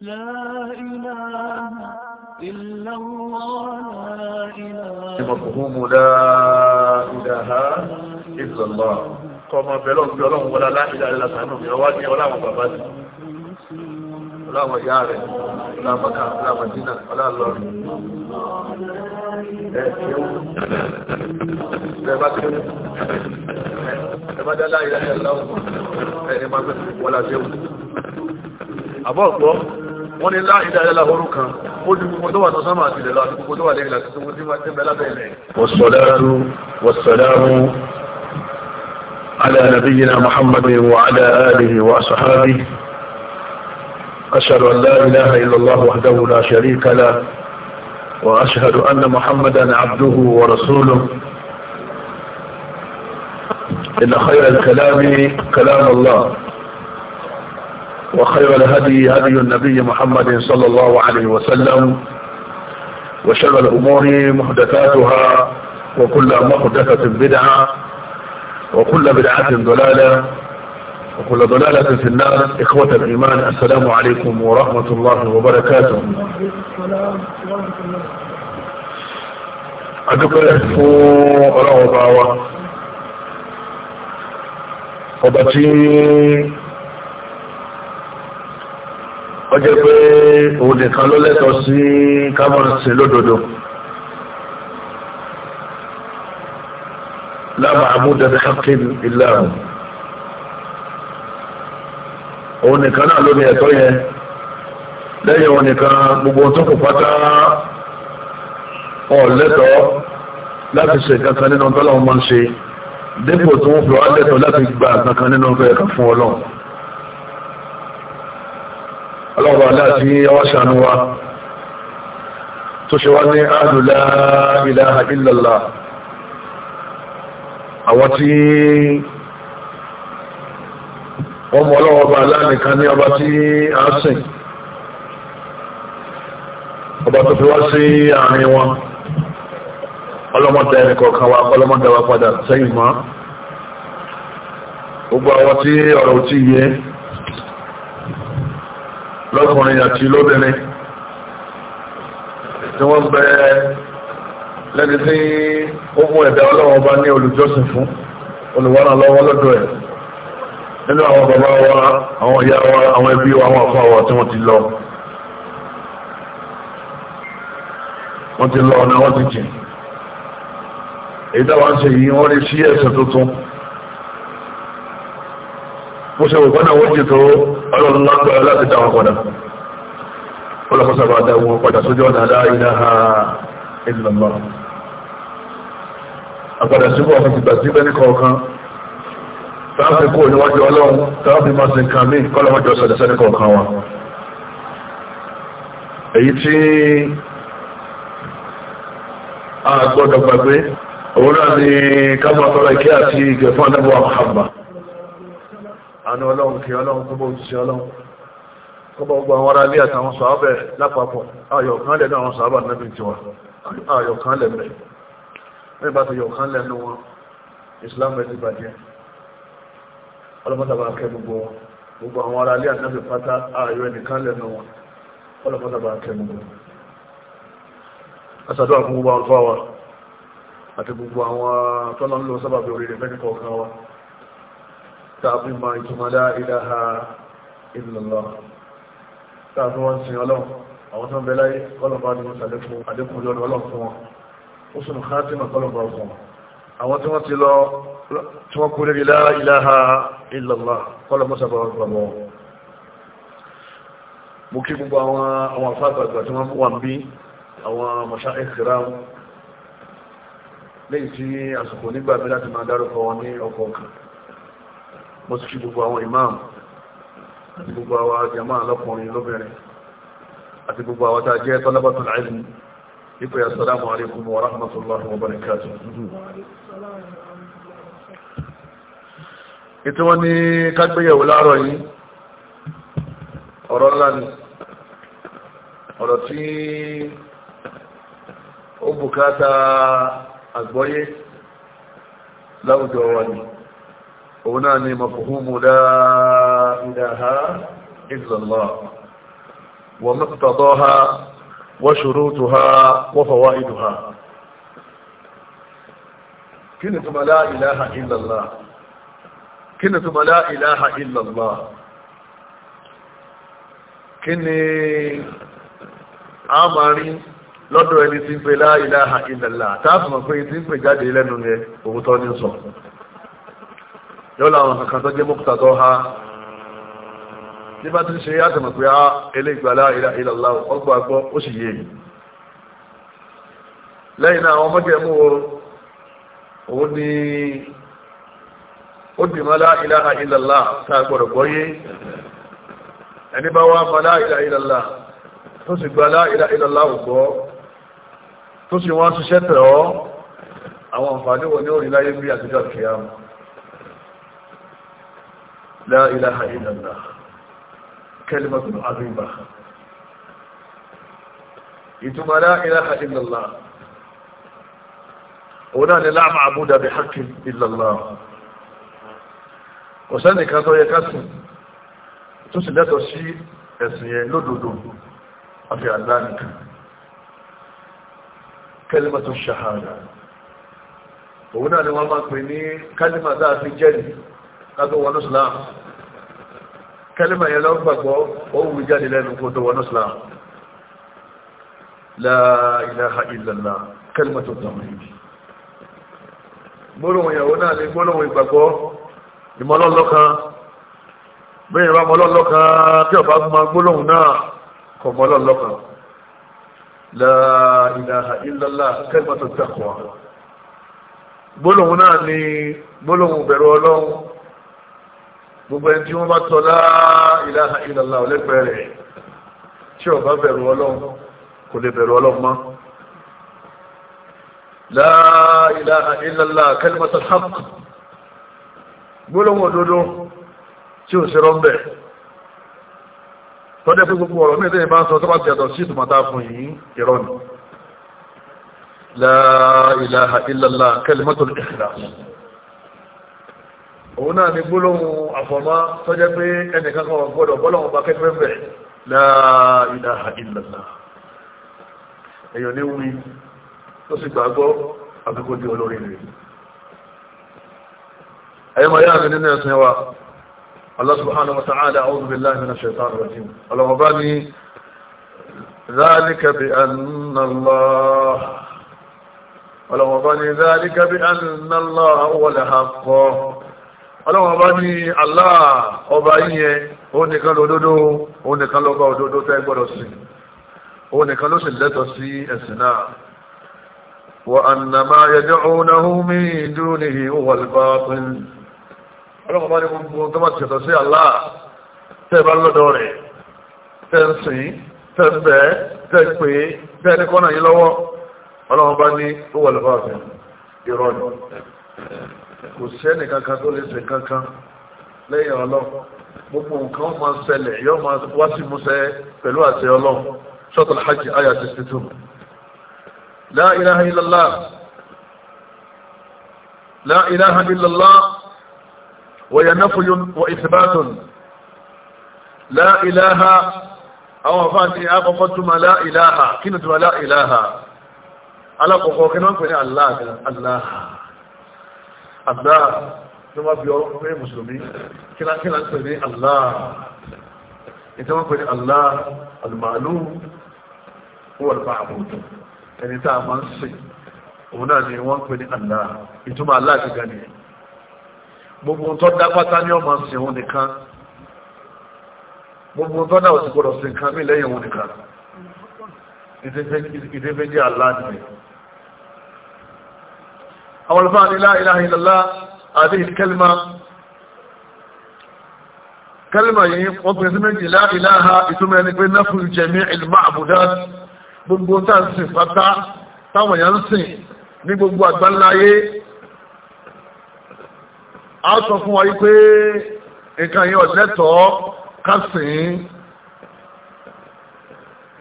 Ìmọ̀kùnmù la ìdáha ìsọ̀lọ́. Kọmọ bẹ̀rẹ̀ òbí ọlọ́run wọlá láti dáre lásánù mi, ọwá ní ọláwọn bàbá ni, ọláwọn ìyá rẹ̀, ọlámọ̀ká, ọlámọ̀dínà, ọláàlọ́rin. Ẹ ṣe ó, ẹ bá ṣe ó, ẹ bá dá láì láì láwọn, ẹ máa gbé wọlá ṣe ó. Àbọ̀ ọ̀pọ̀ wọ́n ní láì dáadáa láhorú kan ó di gbogbo tó wà tó sánmà àti ìdẹ̀lọ àti gbogbo tó wà lẹ́yìn láti tó tí wọ́n lábẹ́ ilẹ̀. wàsàlámù wàsàlámù ala nabiyyina muhammadin wa ala alihi wa sahabihi ashhadu an la ilaha illallah wahdahu la sharika la wa ashhadu anna muhammadan abduhu wa rasuluhu إن خير الكلام كلام الله وخير الهدي هدي النبي محمد صلى الله عليه وسلم وشر الأمور محدثاتها وكل محدثة بدعة وكل بدعة ضلالة وكل ضلالة في النار إخوة الإيمان السلام عليكم ورحمة الله وبركاته أدكر ورحمة روضة وبتين ó jẹ́ pé òun nìkan ló lẹ́tọ̀ọ́ sí kámọ́ọ̀sì lódodo. lábàá àmúdẹ bí hakim ìlànà òun nìkan náà ló ní ẹ̀tọ́ yẹn lẹ́yìn òun nìkan gbogbo tó kù pátá ọ̀ lẹ́tọ̀ọ́ láti ṣe kankan nínú tọ́lọ́wọ́n máa ń ṣe dépò tó ń fi wá lẹ́tọ̀ọ́ láti gba kankan nínú ọgbẹ́ ẹ̀ka fún ọlọ́run ọlọ́ọ̀bá aláàtí ọwọ́ ṣàánú wa tó ṣe wá ní àdùlá ilaha illallah àwọn tí wọ́n mọ̀ ọlọ́ọ̀bá aláàmìkan ní ọba tí a sìn ọba tó fi wá sí àárín wọn ọlọ́mọdé ẹnìkọ̀ọ̀kan wa ọlọ́mọdé wa padà sẹ́yìn mọ́ gbogbo àwọn tí ọ̀rọ̀ ò tí lọ́kùnrin àti lóbìnrin tí wọ́n bẹ lẹ́ni tí ó mú ẹ̀dá ọlọ́wọ́ bá ní olùjọ́sìn fún olùwárà lọ́wọ́ lọ́dọ̀ ẹ̀ nínú àwọn bàbá wa àwọn ìyá wa àwọn ẹbí wa àwọn àfáà wa tí wọ́n ti lọ wọ́n ti lọ ọ̀nà wọ́n ti jìn èyí táwọn ṣe yìí wọ́n rí sí ẹ̀sẹ̀ tuntun mo ṣe wò kọ́nà wọ́n jì tó ọlọ́run lágbára láti dá wọn padà ọlọ́kọ́sà bá dá wọn padà sójú ọ̀nà la ilaha illallah àpàdà síbò àwọn ìgbà sí bẹ́ẹ̀ ní kọ̀ọ̀kan táàbí kọ̀ọ̀kan wa ni ká máa tọrọ ìkẹ́ àánú ọlọ́run kí ọlọ́run kọ́bọ̀ òjíṣẹ́ ọlọ́run kọ́bọ̀ gbogbo àwọn ará ilé àtàwọn sàábẹ̀ lápapọ̀ ayọ̀kánlẹ̀ náà àwọn sàábà nẹ́bí tiwa ayọ̀kánlẹ̀ mẹ́ mẹ́ bá ti yọ̀kánlẹ̀ nú wọn Islam ẹ̀ ti bàjẹ́ ọlọ́mọdàbà kẹ gbogbo wọn gbogbo àwọn ará ilé àtàbí pátá ayọ̀ ẹnìkánlẹ̀ nú wọn ọlọ́mọdàbà kẹ gbogbo wọn asàdúrà fún gbogbo àwọn fáwa àti gbogbo tàbí ma ìtùmọ̀lá ìdáha ìlúlọ́ tàbí wọ́n sin ọlọ́ àwọn tó ń bẹ láyé kọlọ̀bá ni wọ́n sàlékún àdékùn lọ́nà ọlọ́ fún wọn ó sùn káàtìmà kọlọ̀bá fún wọn àwọn tí wọ́n ti lọ tí wọ́n kú lórí láìláha ìlúlọ́ kọlọ̀bá sàbọ̀ mo kí gbogbo àwọn àwọn afáàgbàgbà tí mo sì kí gbogbo àwọn imam àti gbogbo àwọn jama lọ́kùnrin lóbìnrin àti gbogbo àwọn tàà jẹ́ talabatul ilmi ipò ya salamu alaikum wa rahmatullahi wa barakatuh ìtí wọ́n ní kágbéyàwó láàárọ̀ ọ̀rọ̀ tí òun náà ni mafhumu la ilaha illallah wa muqtadaha wa shurutuha wa fawaiduha kí ni túnmọ̀ la ilaha illallah kí ni túnmọ̀ la ilaha illallah kí ni a máa rí lọ́dọ̀ ẹni tí ń pè la ilaha illallah táàfù mọ̀ pé tí ń pè jáde lẹ́nu yẹ òwútọ́ ní sọ yóò láwọn kankan tó jẹ́ mọ́kútà tó ha ní bá ti ṣe yàtọ̀mọ̀ pé á ilé ìgbàlá ìlàlá ọgbà gbọ́ ó sì yé mi lẹ́yìn náà àwọn mọ́jẹ̀ mú òun ni ó dì mọ́lá ìlàlá ìlàlá tá a gbọ́dọ̀ gbọ́yé ẹni bá wá mọ́lá ìlàlá ìlàlá tó sì gbàlá ìlàlá ìlàlá ò tó sì wọ́n ṣiṣẹ́ tẹ̀ ọ́ àwọn àǹfààní wọn ni ó rí láyé bí àtijọ́ kìí لا إله إلا الله كلمة عظيمة يتم لا إله إلا الله هنا لا معبود بحق إلا الله وسنة كاتو يكاسم تسلت الشيء ẹ̀sìnyẹ لدودو àfi àdáníkà كلمة الشهادة هنا òun náà ni wọ́n máa kátó wọnú islam kẹlẹ́mà yẹn lọ́wọ́ gbàgbọ́ ó wù jáde lẹ́nu kó tó wọnú islam la ilaha illallah kẹlẹ́mà tó tàwọn ibi gbólóhùn ìyàwó náà ní gbólóhùn ìgbàgbọ́ ìmọ̀lọ́lọ́kan bẹ́ẹ̀ bá mọ́lọ́lọ́kan tí ọba máa gbólóhùn náà kọ̀ mọ́lọ́lọ́kan la ilaha kẹlẹ́mà tó tàkùn gbólóhùn náà ní gbólóhùn bẹ̀rù ọlọ́run gbogbo ẹni tí wọ́n bá tọ́ la ilaha illallah ọlẹ́gbẹ̀ẹ́ rẹ̀ tí ó bá bẹ̀rù ọlọ́run kò lè bẹ̀rù ọlọ́run mọ́ la ilaha illallah kalimatul haqq gbólóhùn òdodo tí ò ṣe rọ́ńbẹ̀ tọ́jẹ́ pé gbogbo ọ̀rọ̀ mẹ́ta ìbá ń sọ tó bá ti yàtọ̀ sí ìtùmọ̀ta fún yìí irọ́ ni la ilaha illallah òun náà ni gbólóhùn àfọ̀mọ́ tó jẹ́ pé ẹnìkan kan gbọ́dọ̀ bọ́lọ́hùn bá kẹ́kẹ́ bẹ̀ la ilaha illallah èèyàn ní wí tó sì gbàgbọ́ àbíkó di olórin rẹ̀ ẹ̀yọ́ mọ̀ yára nínú ẹ̀sìn wa Allah subhanahu wa ta'ala a'udhu billahi minash shaitanir rajim ọlọ́wọ́ bá ní ذلك بأن الله ولو بني ذلك بأن الله هو الحق ọlọ́run ọba ní Allah ọba yíyẹn òun nìkan lòdodo òun nìkan lọ́ba òdodo tẹ́ gbọ́dọ̀ sí òun nìkan ló sì lẹ́tọ̀ sí ẹ̀sìn náà wa annama yad'unahu min dunihi huwal batil ọlọ́run ọba ní gbogbo tó bá ti sí Allah tẹ́ bá lọ́dọ̀ rẹ̀ tẹ́ ń sìn tẹ́ ń bẹ́ tẹ́ ń pè tẹ́ ní kọ́nà yìí lọ́wọ́ ọlọ́run ọba ní huwal batil ìrọ̀lù kò sẹ́ni kankan tó lè ṣe kankan lẹ́yìn ọlọ́run gbogbo nǹkan máa ṣẹlẹ̀ yóò máa wá sí musẹ́ pẹ̀lú àṣẹ ọlọ́run sọ́tàlá hajj ayà sixty two la ilaha illallah la ilaha illallah wọ̀yẹ̀ náfúyún wọ ìsìbátùn la ilaha àwọn afáàní akọ́kọ́ túnmọ̀ la ilaha kí ni túnmọ̀ la ilaha alákọ̀ọ́kọ́ kí ni wọ́n pè ní allah Allah tí wọ́n bí ọ̀rọ̀ pé mùsùlùmí kílákílá ń pè ní Allah ìtí wọ́n pè ní Allah alùmàlù wọ́n wọ́n bá àbòtò ẹni tá a máa ń sìn òun náà ni wọ́n pè ní Allah ìtumọ̀ Allah ti gani gbogbo tó dá pátá ní ọmọ sìn òun nìkan gbogbo tó dá òsì gbọdọ̀ sìn kan mí lẹ́yìn òun nìkan ìdífẹ́ jẹ́ Allah nìyẹn àwọn olùfáà ní la ilaha illallah àti ìkẹlìmà kẹlìmà yìí wọ́n pè sí méjì la ilaha ìtumọ̀ ẹni pé náfù jẹ̀mí ìlmà àbúdá gbogbo táàsìn pátá táwọn èèyàn sìn ní gbogbo àgbáláyé a sọ fún wa pé nǹkan yìí ọ̀lẹ́tọ̀ọ́ kásìn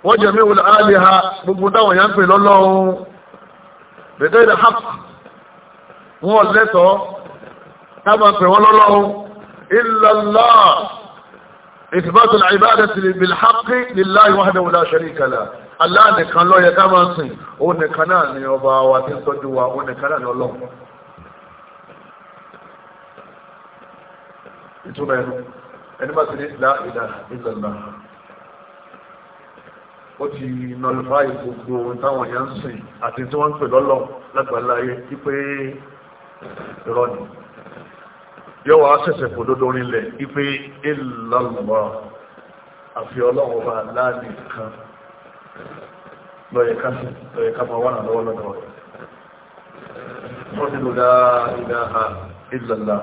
wọ́n jẹ̀mí olùhàlìhà gbogbo táwọn èèyàn pè lọ́lọ́run bẹ̀tẹ̀ ìdá hàpù wọn lẹ́tọ̀ọ́ táwọn pè wọ́n lọ́lọ́run ìlàlá ìfìbátò ìbáda ti bil haqqi lillahi wahdahu la sharika lah Allah nìkan ló yẹ ká máa sìn òun nìkan náà ni ọba wa ti ń tọ́jú wa òun nìkan náà ni ọlọ́run ìtumọ̀ ẹnu ẹni bá ti ní la ilaha illallah ó ti nọlùfáì gbogbo táwọn èèyàn ń sìn àti tí wọ́n ń pè lọ́lọ́ lágbàláyé wípé irọ́ ni yóò wá ṣẹ̀ṣẹ̀ fò lódó orílẹ̀ ipe ìlàlùmọ́ àfi ọlọ́run bá láàrin kan lọ́yẹ̀ká sí lọ́yẹ̀ká máa wà lọ́wọ́ lọ́dọ̀ rẹ̀ wọ́n ti lò láàrínláà ìlàlá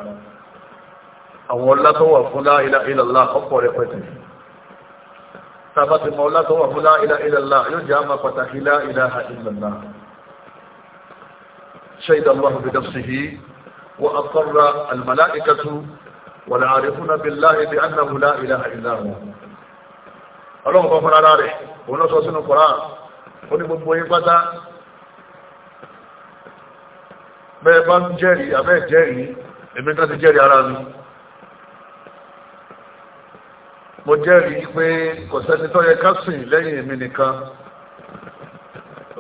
àwọn ọlá tó wà fún láàrínláà ìlàlá ọ̀pọ̀ rẹpẹtẹ tàbátìmọ̀ ọlá tó wà fún láàrínláà ìlàlá yóò jẹ́ àmà pàtàkì láàrínláà ìlàlá شهد الله بنفسه وأقر الملائكة والعارفون بالله بأنه لا إله إلا هو ọlọ́run kan fúnra rẹ̀ òun lọ́sọ sínú koran ó ní gbogbo yín pátá bẹ́ẹ̀ bá ń jẹ́rìí abẹ́ jẹ́rìí èmi kan ti jẹ́rìí ara mi mo jẹ́rìí pé kò sẹ́ni tó yẹ ká sìn lẹ́yìn èmi nìkan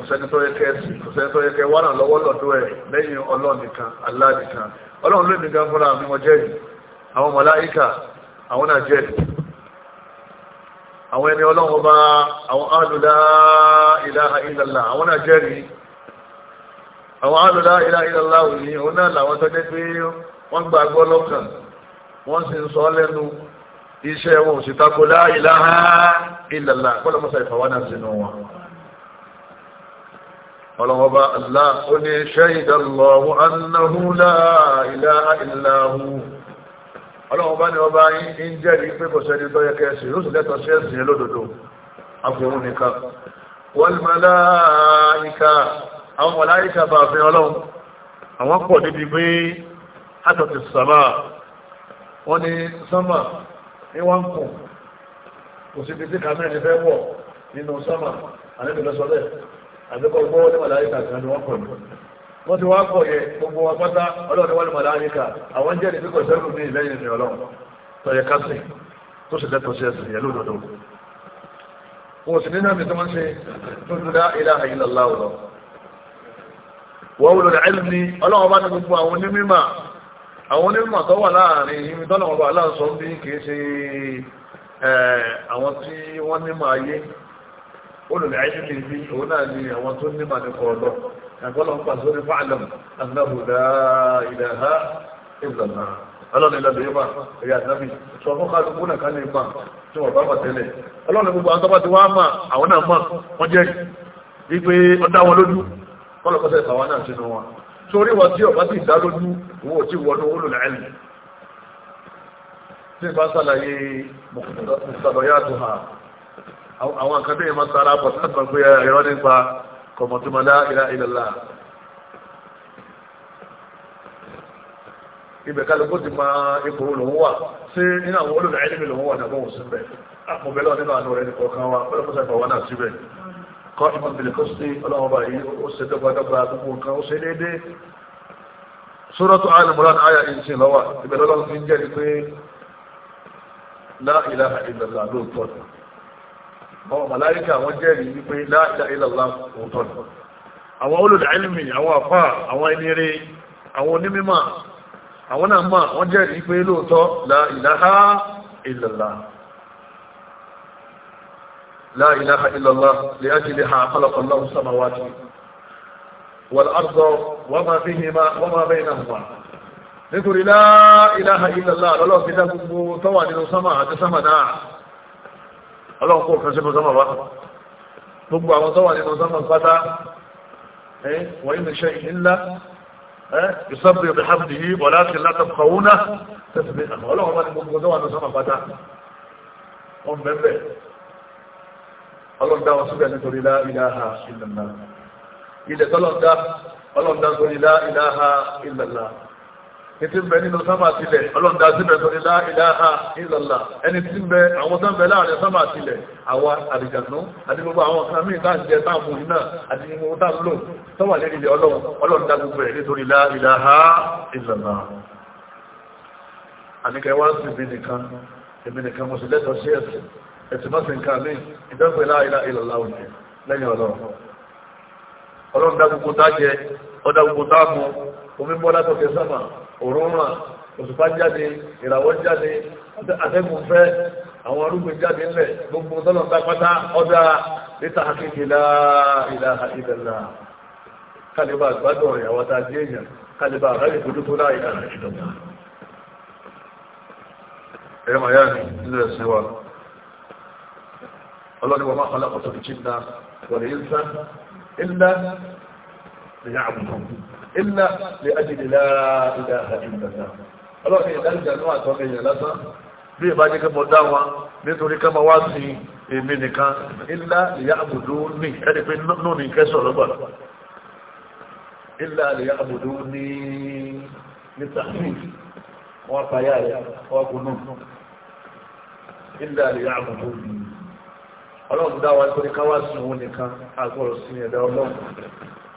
ọ̀sẹ́ni tó yẹ kẹ wà náà lọ́wọ́ lọ́dọ̀ ẹ̀ lẹ́yìn ọlọ́run nìkan Allah nìkan ọlọ́run ló nìkan fúnra mi mo jẹ́rìí àwọn màláíkà àwọn náà jẹ́rìí àwọn ẹni ọlọ́run bá àwọn alùlá ilaha illallah àwọn náà jẹ́rìí àwọn alùlá ilaha illallah òní òun náà làwọn tó jẹ́ pé wọ́n gbàgbọ́ lọ́kàn wọ́n sì ń sọ lẹ́nu iṣẹ́ wọn ọlọ́wọ́ba Allah ó ní ṣẹ́yìdà lọ́wọ́ annáhúlá ìlàhà ìlàhù ọlọ́wọ́ba ni ọba yìí ń jẹ́rìí pé kò sẹ́ni tó yẹ kẹsì ló sì lẹ́tọ̀ sí ẹ̀sìn lódodo afẹ́hún nìkan wọ́n màláíkà àwọn màláíkà bá fi ọlọ́run àwọn pọ̀ níbi pé àtọ̀tì sàmà wọ́n ní sánmà ní àbíkọ̀ gbọ́ ní màláyíkà kan ni wọ́n kọ̀ ní wọ́n ti wá kọ̀ yẹ gbogbo wọn pátá ọlọ́run wà ní màláyíkà àwọn jẹ́ ìdíkọ̀ sẹ́rù ní ìlẹ́yìn ní ọlọ́run tọ̀yẹ kásì tó sì lẹ́tọ̀ sí ẹsẹ̀ yẹn lódodo wọn sì nínú àmì tó wọ́n ṣe tó ń dá ilá àyílá olùlẹ̀ẹ́sìn ní ibi òun náà ni àwọn tó ní màníkọ̀ ọ̀dọ́ ẹ̀kọ́lọ́ ń pàṣẹ orí fáàlọ́m annahu la ilaha illallah ọlọ́run ilẹ̀ lóye bá ẹ̀yà àdábì sọ fún kálukú náà kálẹ̀ ìgbà tí wọ́n bá bà tẹ́lẹ̀ ọlọ́run gbogbo àwọn tọ́bá ti wá mà àwọn náà mà wọ́n jẹ́ wípé ọdá wọn lójú àwọn nǹkan tẹ́yìn máa sára pọ̀ sáà sọ pé ẹ̀rọ eh, nípa kọ̀mọ̀tìmọ̀lá ìlà ìlàlá ibẹ̀ kálukú ti máa ipò lòun wà sí nínú àwọn olùdó ẹ̀lẹ́mì lòun wà nàbọ̀ òun síbẹ̀ àpòbẹ̀lọ́ nínú àánú rẹ̀ nìkan kan wa pẹ́lẹ́pẹ́sẹ̀ ìfọwọ́ náà síbẹ̀ kọ́ ìmọ̀ bìlì kó sí ọlọ́run ọba yìí ó ṣe dọ́gbadọ́gba gbogbo nǹkan ó ṣe déédéé Suratu Al-Imran àyà ìsìn lọ́wà ibẹ̀ àwọn màláíkà wọ́n jẹ́rìí wípé la ilaha illallah òótọ́ ni àwọn olùdáìlìmì àwọn àfà àwọn ẹnire àwọn onímímà àwọn náà mà wọ́n jẹ́rìí pé lóòótọ́ la ilaha illallah la ilaha illallah li ajliha khalaqa Allahu samawati wal arda wa ma fihima wa ma baynahuma nítorí la ilaha lọ́lọ́ fi dá gbogbo tọ́wà nínú sámà àti sámà náà ọlọ́run kó kan sínú sọ́mọ̀ wá gbogbo àwọn tó wà nínú sọ́mọ̀ pátá wọ́n yìí ṣe ìlà ìsọ́bù ìbí hàbì yìí wọ́n láti látọ̀ kọ̀wúná tẹ̀sí ọlọ́run bá ní gbogbo tó wà nínú sọ́mọ̀ pátá wọn bẹ̀bẹ̀ ọlọ́run dá wọn síbẹ̀ nítorí lá ìlàhà ìlàlá ilẹ̀ tọ́lọ́run dá ọlọ́run dá nítorí lá ìlàhà ìlàlá ètí ń bẹ nínú sámà sílẹ̀ ọlọ́ndà síbẹ̀ sọ ilá ìdáha ìlàlá ẹni tí ń bẹ àwọn tó ń bẹ láàrin sámà sílẹ̀ àwa àrìjànú àti gbogbo àwọn kan míì láti jẹ táàmù iná àti gbogbo tá lò tó wà lérí ilẹ̀ ọlọ́run ọlọ́ndà gbogbo ẹ̀ nítorí ilá ìdáha ìlàlá àníkẹ́ wá sí ibi nìkan ibi nìkan mo sì lẹ́tọ̀ọ́ sí ẹ̀sìn òrónà òṣùpá jáde ìràwọ̀ jáde atẹ́gùn fẹ́ àwọn arúgbìn jáde ńlẹ̀ gbogbo tọ́nà tápátá ọ̀dà níta akéde láàrínlá ìdẹ̀lá kálíbà gbádùn ọ̀rẹ́ àwọn tá a di èèyàn kálíbà àgbáyé dúdú láàrínlá ìdọ̀gbà ẹ̀rọ màyá ni nínú ẹ̀sìn wa ọlọ́ni wọn máa kọ́ lápapọ̀ tó fi jí ńlá yín sá ńlá ìyá àbùkù ilá lè ajìdìlá ilá ìdàgbà ọlọ́run ìdájà náà àtọ́kẹ́ yẹn lásán bí ìbá jẹ́ kẹ́mọ dá wọn nítorí kẹ́mọ wá sí èmi nìkan ilá lèyà àbùdó ní ẹni pé nínú ní kẹsọ̀ lọ́gbà ilá lèyà àbùdó ní nítàkì wọn fàyà rẹ wọn ilá lèyà àbùdó ní ọlọ́run dá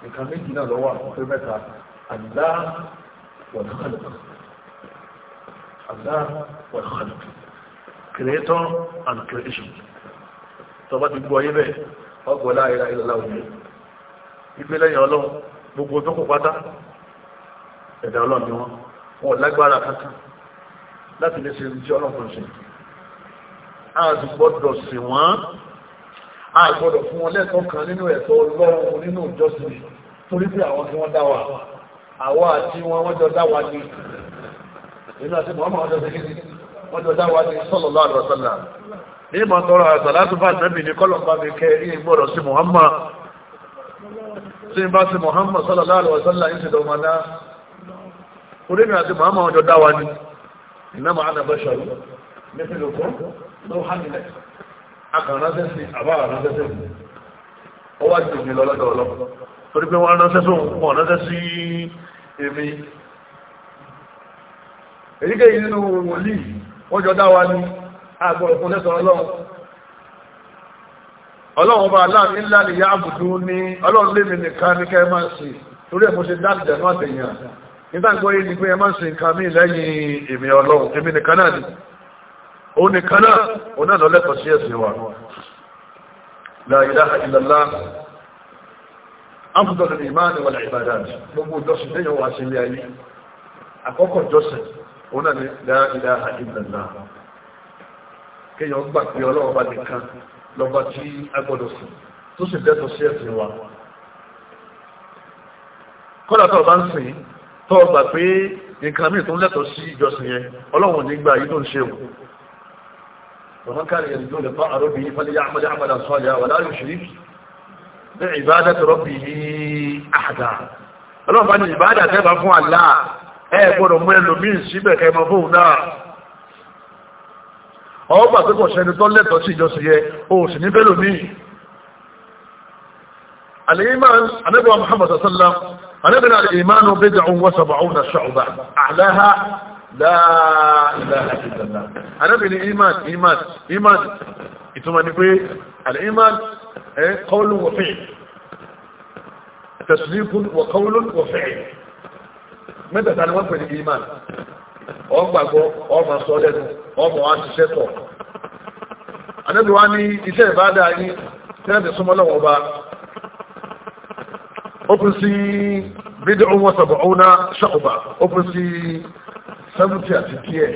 nǹkan méjì náà lọ́wọ́ àkókò mẹ́ta àdá wọ̀lọ́kọ̀lọ́ àdá wọ̀lọ́kọ̀lọ́ creator and creation tó bá ti gbọ́ ayé bẹ́ẹ̀ ọgbọ̀ láàrínlá ìlọ́lá òní ìgbé lẹ́yìn ọlọ́run gbogbo tó kù pátá ẹ̀dà ọlọ́run ni wọ́n wọn lágbára kankan láti lè ṣe ìjọ ọlọ́run ṣe a sì gbọ́dọ̀ sìn wọ́n a gbọ́dọ̀ fún wọn lẹ́tọ̀ọ́ kan nínú ẹ̀tọ́ ọlọ́run nínú ìjọsìn torí pé àwọn tí wọ́n dáwà àwọn àti wọn wọ́n dáwà ní inú àti mọ́mọ́ ọjọ́ dáwà ní sallallahu alaihi wasallam ní ìmọ̀ tọrọ àṣàlátù ní kọ́lọ̀mbá mi kẹ́ rí ìgbọ́rọ̀ sí Muhammad sallallahu wasallam ana torí pé wọ́n ránṣẹ́ sóhun pọ̀ ránṣẹ́ sí èmi èyíkéyìí nínú wòlíì wọ́n jọ dá wa ní àgbọ̀rọ̀ fún lẹ́sọ̀ ọlọ́run ọlọ́run bá aláàmì ńlá lè yá àbùdú ní ọlọ́run lémi nìkan ní kẹ́ máa sì torí ẹ̀ mo ṣe dáàbì jẹ̀nú àtẹ̀yàn nígbà tó yé ni pé ẹ máa sì nǹkan mí lẹ́yìn èmi ọlọ́run èmi nìkan náà ni òun nìkan náà òun náà lọ lẹ́tọ̀ọ́ sí ẹ̀sìn wa la ilaha illallah afdal al-iman wal ibadat gbogbo ìjọsìn tẹ́yàn wà sí ilé ayé àkọ́kọ́ ìjọsìn òun náà ni la ilaha illallah kéèyàn gbà pé ọlọ́wọ́ bá nìkan lọ́ba tí a gbọ́dọ̀ sí tó sì dẹ́tọ̀ sí ẹ̀sìn wa kọ́dà tó bá ń sìn tó gbà pé nǹkan míì tó ń lẹ́tọ̀ sí ìjọsìn yẹn ọlọ́wọ́n nígbà yìí tó ń ṣe wò ومن كان يرجو لقاء ربه فليعمل عملا صالحا ولا يشرك ìbádà tọrọ bí i àdá ọlọ́run bá ní ìbádà tẹ́bà fún àlá ẹ gbọ́dọ̀ mú ẹlòmíì síbẹ̀ kẹmọ fóun náà ọgbà pé kò sẹ́ni tó lẹ́tọ̀ọ́ sí ìjọsìn yẹ o محمد صلى الله عليه وسلم النبي الإيمان بدع وسبعون شعبة أعلاها لا إله إلا الله النبي الإيمان إيمان إيمان إتمنى الإيمان قول وفعل تصديق وقول وفعل ماذا تعلمون في الإيمان wọ́n gbàgbọ́ ọmọ sọ lẹ́nu ọmọ wa ṣiṣẹ́ tọ̀ anábìwá ní iṣẹ́ ìbáadá yìí tẹ́ẹ̀dì súnmọ́ lọ́wọ́ bá ó kún si bídẹ̀ ohun ọ̀sọ̀bọ̀ ọ̀hún náà ṣọ́ọ̀bà ó kún sí sẹ́mùtì àti díẹ̀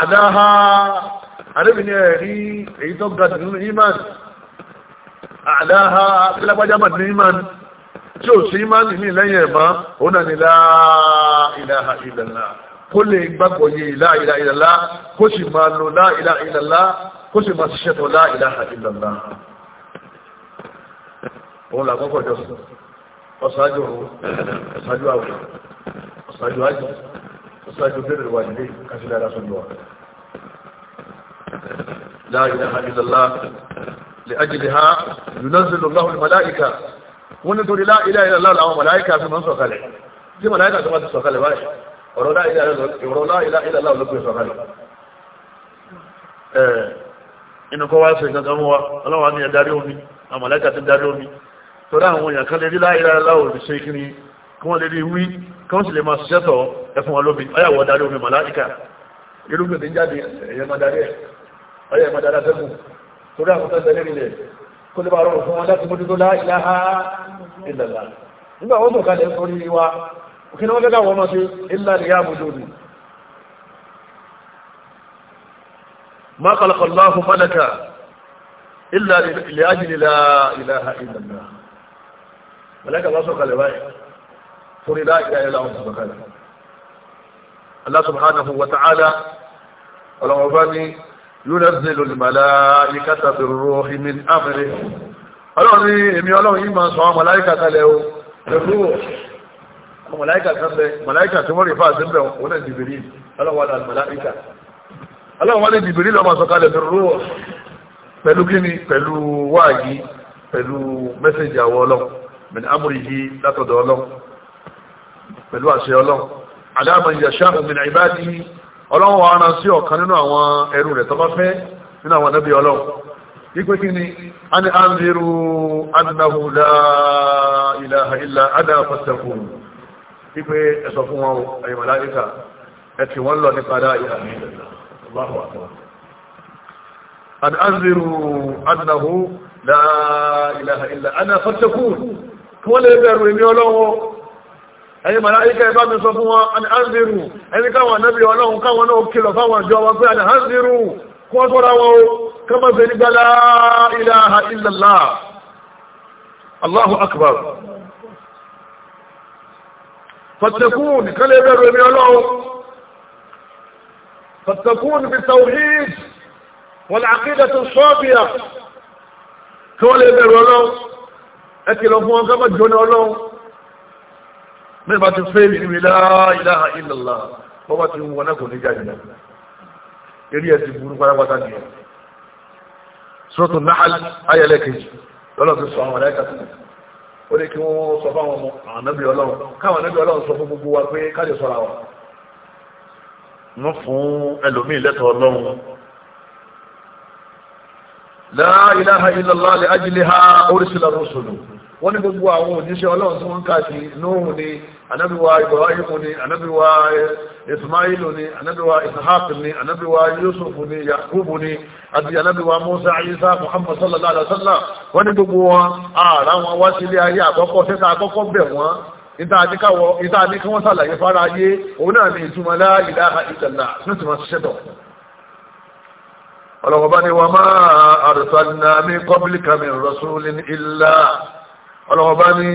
àdáhà anábìwá ní ẹ̀rí èyí tó ga jù nínú àdáha lágbájábà ní ìmáni tí ò sí ìmáni ní lẹ́yìn ẹ̀mọ́ òun náà ni la ilaha illallah kó lè gbàgbọ́ yé la ilaha illallah kó sì máa lo la ilaha illallah kó sì máa ṣiṣẹ́ tó la ilaha illallah òun làkọ́kọ́ jọ ọ̀sájú ọ̀sájú àwọ̀ ọ̀sájú àjọ ọ̀sájú bẹ̀rẹ̀ wà nílé kásílára sọ́dọ̀ wa la ilaha lè ajílẹ̀ ha yunazzilu Allahu al-malaika wọ́n nítorí la ilaha illallah àwọn màláìka fi máa ń sọ̀kalẹ̀ tí màláìka tó bá ti sọ̀kalẹ̀ báyìí ọ̀rọ̀ la ilaha illallah ló gbé sọ̀kalẹ̀ inú kọ́ wá sí ìkankan mú wa ọlọ́wà ní ẹ̀dárí omi àmàlẹ́kà ti dárí omi tó dá àwọn èèyàn kan lè rí láìlára láwò lè ṣe kiri kí wọ́n lè rí wí kí wọ́n sì lè máa ṣiṣẹ́ tọ̀ ẹfún wọn lómi ọyàwó dárí omi màláìkà irúgbìn tí ń jáde ẹ̀yẹ máa dárí ẹ̀ ọyà ẹ̀ máa dárí atẹ́gùn torí àwọn tó tẹ̀lé nílẹ̀ kó lè bá rọrùn fún wọn láti mójú tó lá ilaha illallah nígbà wọ́n tó kalẹ̀ sórí wa kí ni wọ́n fẹ́ káwọn ọmọ sí ilá ni yá mójú ni ma khalaqallahu malaka ilá ilẹ̀ ajìlì lá ilaha illallah malaka bá sọ̀kalẹ̀ Allah subhanahu wa ta'ala ọlọ́wọ́ bá ní yúnẹ́sìnlò ìmàlá ikátà bí rúrú ìmì àmìrí ọlọ́run ní èmi ọlọ́run yìí máa sọ àwọn màláíkà kalẹ̀ o pẹ̀lú màláíkà kalẹ̀ màláíkà tí wọ́n rí fáà síbẹ̀ òun náà dìbìrí ọlọ́run wà ní màláíkà ọlọ́run wà ní dìbìrí lọ́mọ sọ kalẹ̀ bí rúrú pẹ̀lú kíni pẹ̀lú wáàgí pẹ̀lú mẹ́sẹ̀jì àwọ ọlọ́run mẹ́ni amúrí yìí látọ̀dọ̀ ọlọ́run pẹ̀lú àṣẹ ọlọ́run ọlọ́run wa ara sí ọ̀kan nínú àwọn ẹrú rẹ̀ tọ́bá fẹ́ nínú àwọn ẹ̀nẹ́bí ọlọ́run ipé kí ni a ní a ń zírú annahu la ilaha illa ana fattaqun ipé ẹ̀sọ̀ fún wọn ẹ̀yìn màláìkà ẹ̀tì wọ́n lọ nípa dá ìlà an an ẹ̀yin màláíkà ẹ bá mi sọ fún wọn àni ánzírù ẹni káwọn ànábì ọlọ́run káwọn náà kìlọ̀ fáwọn ìjọ wọn pé àni ánzírù kí wọ́n sọ́ra wọn o kí wọ́n fẹ́ nígbà la ilaha illallah Allahu akbar fàtẹ̀kùn nìkan lè bẹ̀rù èmi ọlọ́run فالتكون بالتوحيد والعقيدة الصافية كل يبير ولو أكل أفوان كما جون ولو bẹ́ẹ̀ bá ti fẹ́ mi níbi la ilaha illallah bọ́ bá ti wọ́n náà kò ní jáde náà eré ẹ̀ ti burú pátápátá nìyẹn sọ́tún náà ayẹlẹ́ kejì lọ́lọ́ ti sọ àwọn ẹ̀ka sílẹ̀ ó ní kí wọ́n sọ fáwọn ọmọ àwọn anábì ọlọ́run káwọn anábì ọlọ́run sọ fún gbogbo wa pé kájọ sọ́ra wa wọ́n fún ẹlòmíì lẹ́tọ̀ ọlọ́run la ilaha illallah li ajliha ursila rusulu wọ́n ní gbogbo àwọn òjíṣẹ́ ọlọ́run tí wọ́n káàkiri nóhùn ni anábíwa ibrahimu ni anábíwa eh, ismailu ni anábíwa ishaq ni anábíwa yusuf ni yakubu ni àti anábíwa musa isa muhammad sallallahu alaihi ni ìtumọ̀ la ilaha ní ti máa ṣiṣẹ́ tọ̀ ní wa ọlọ́wọ́ bá ní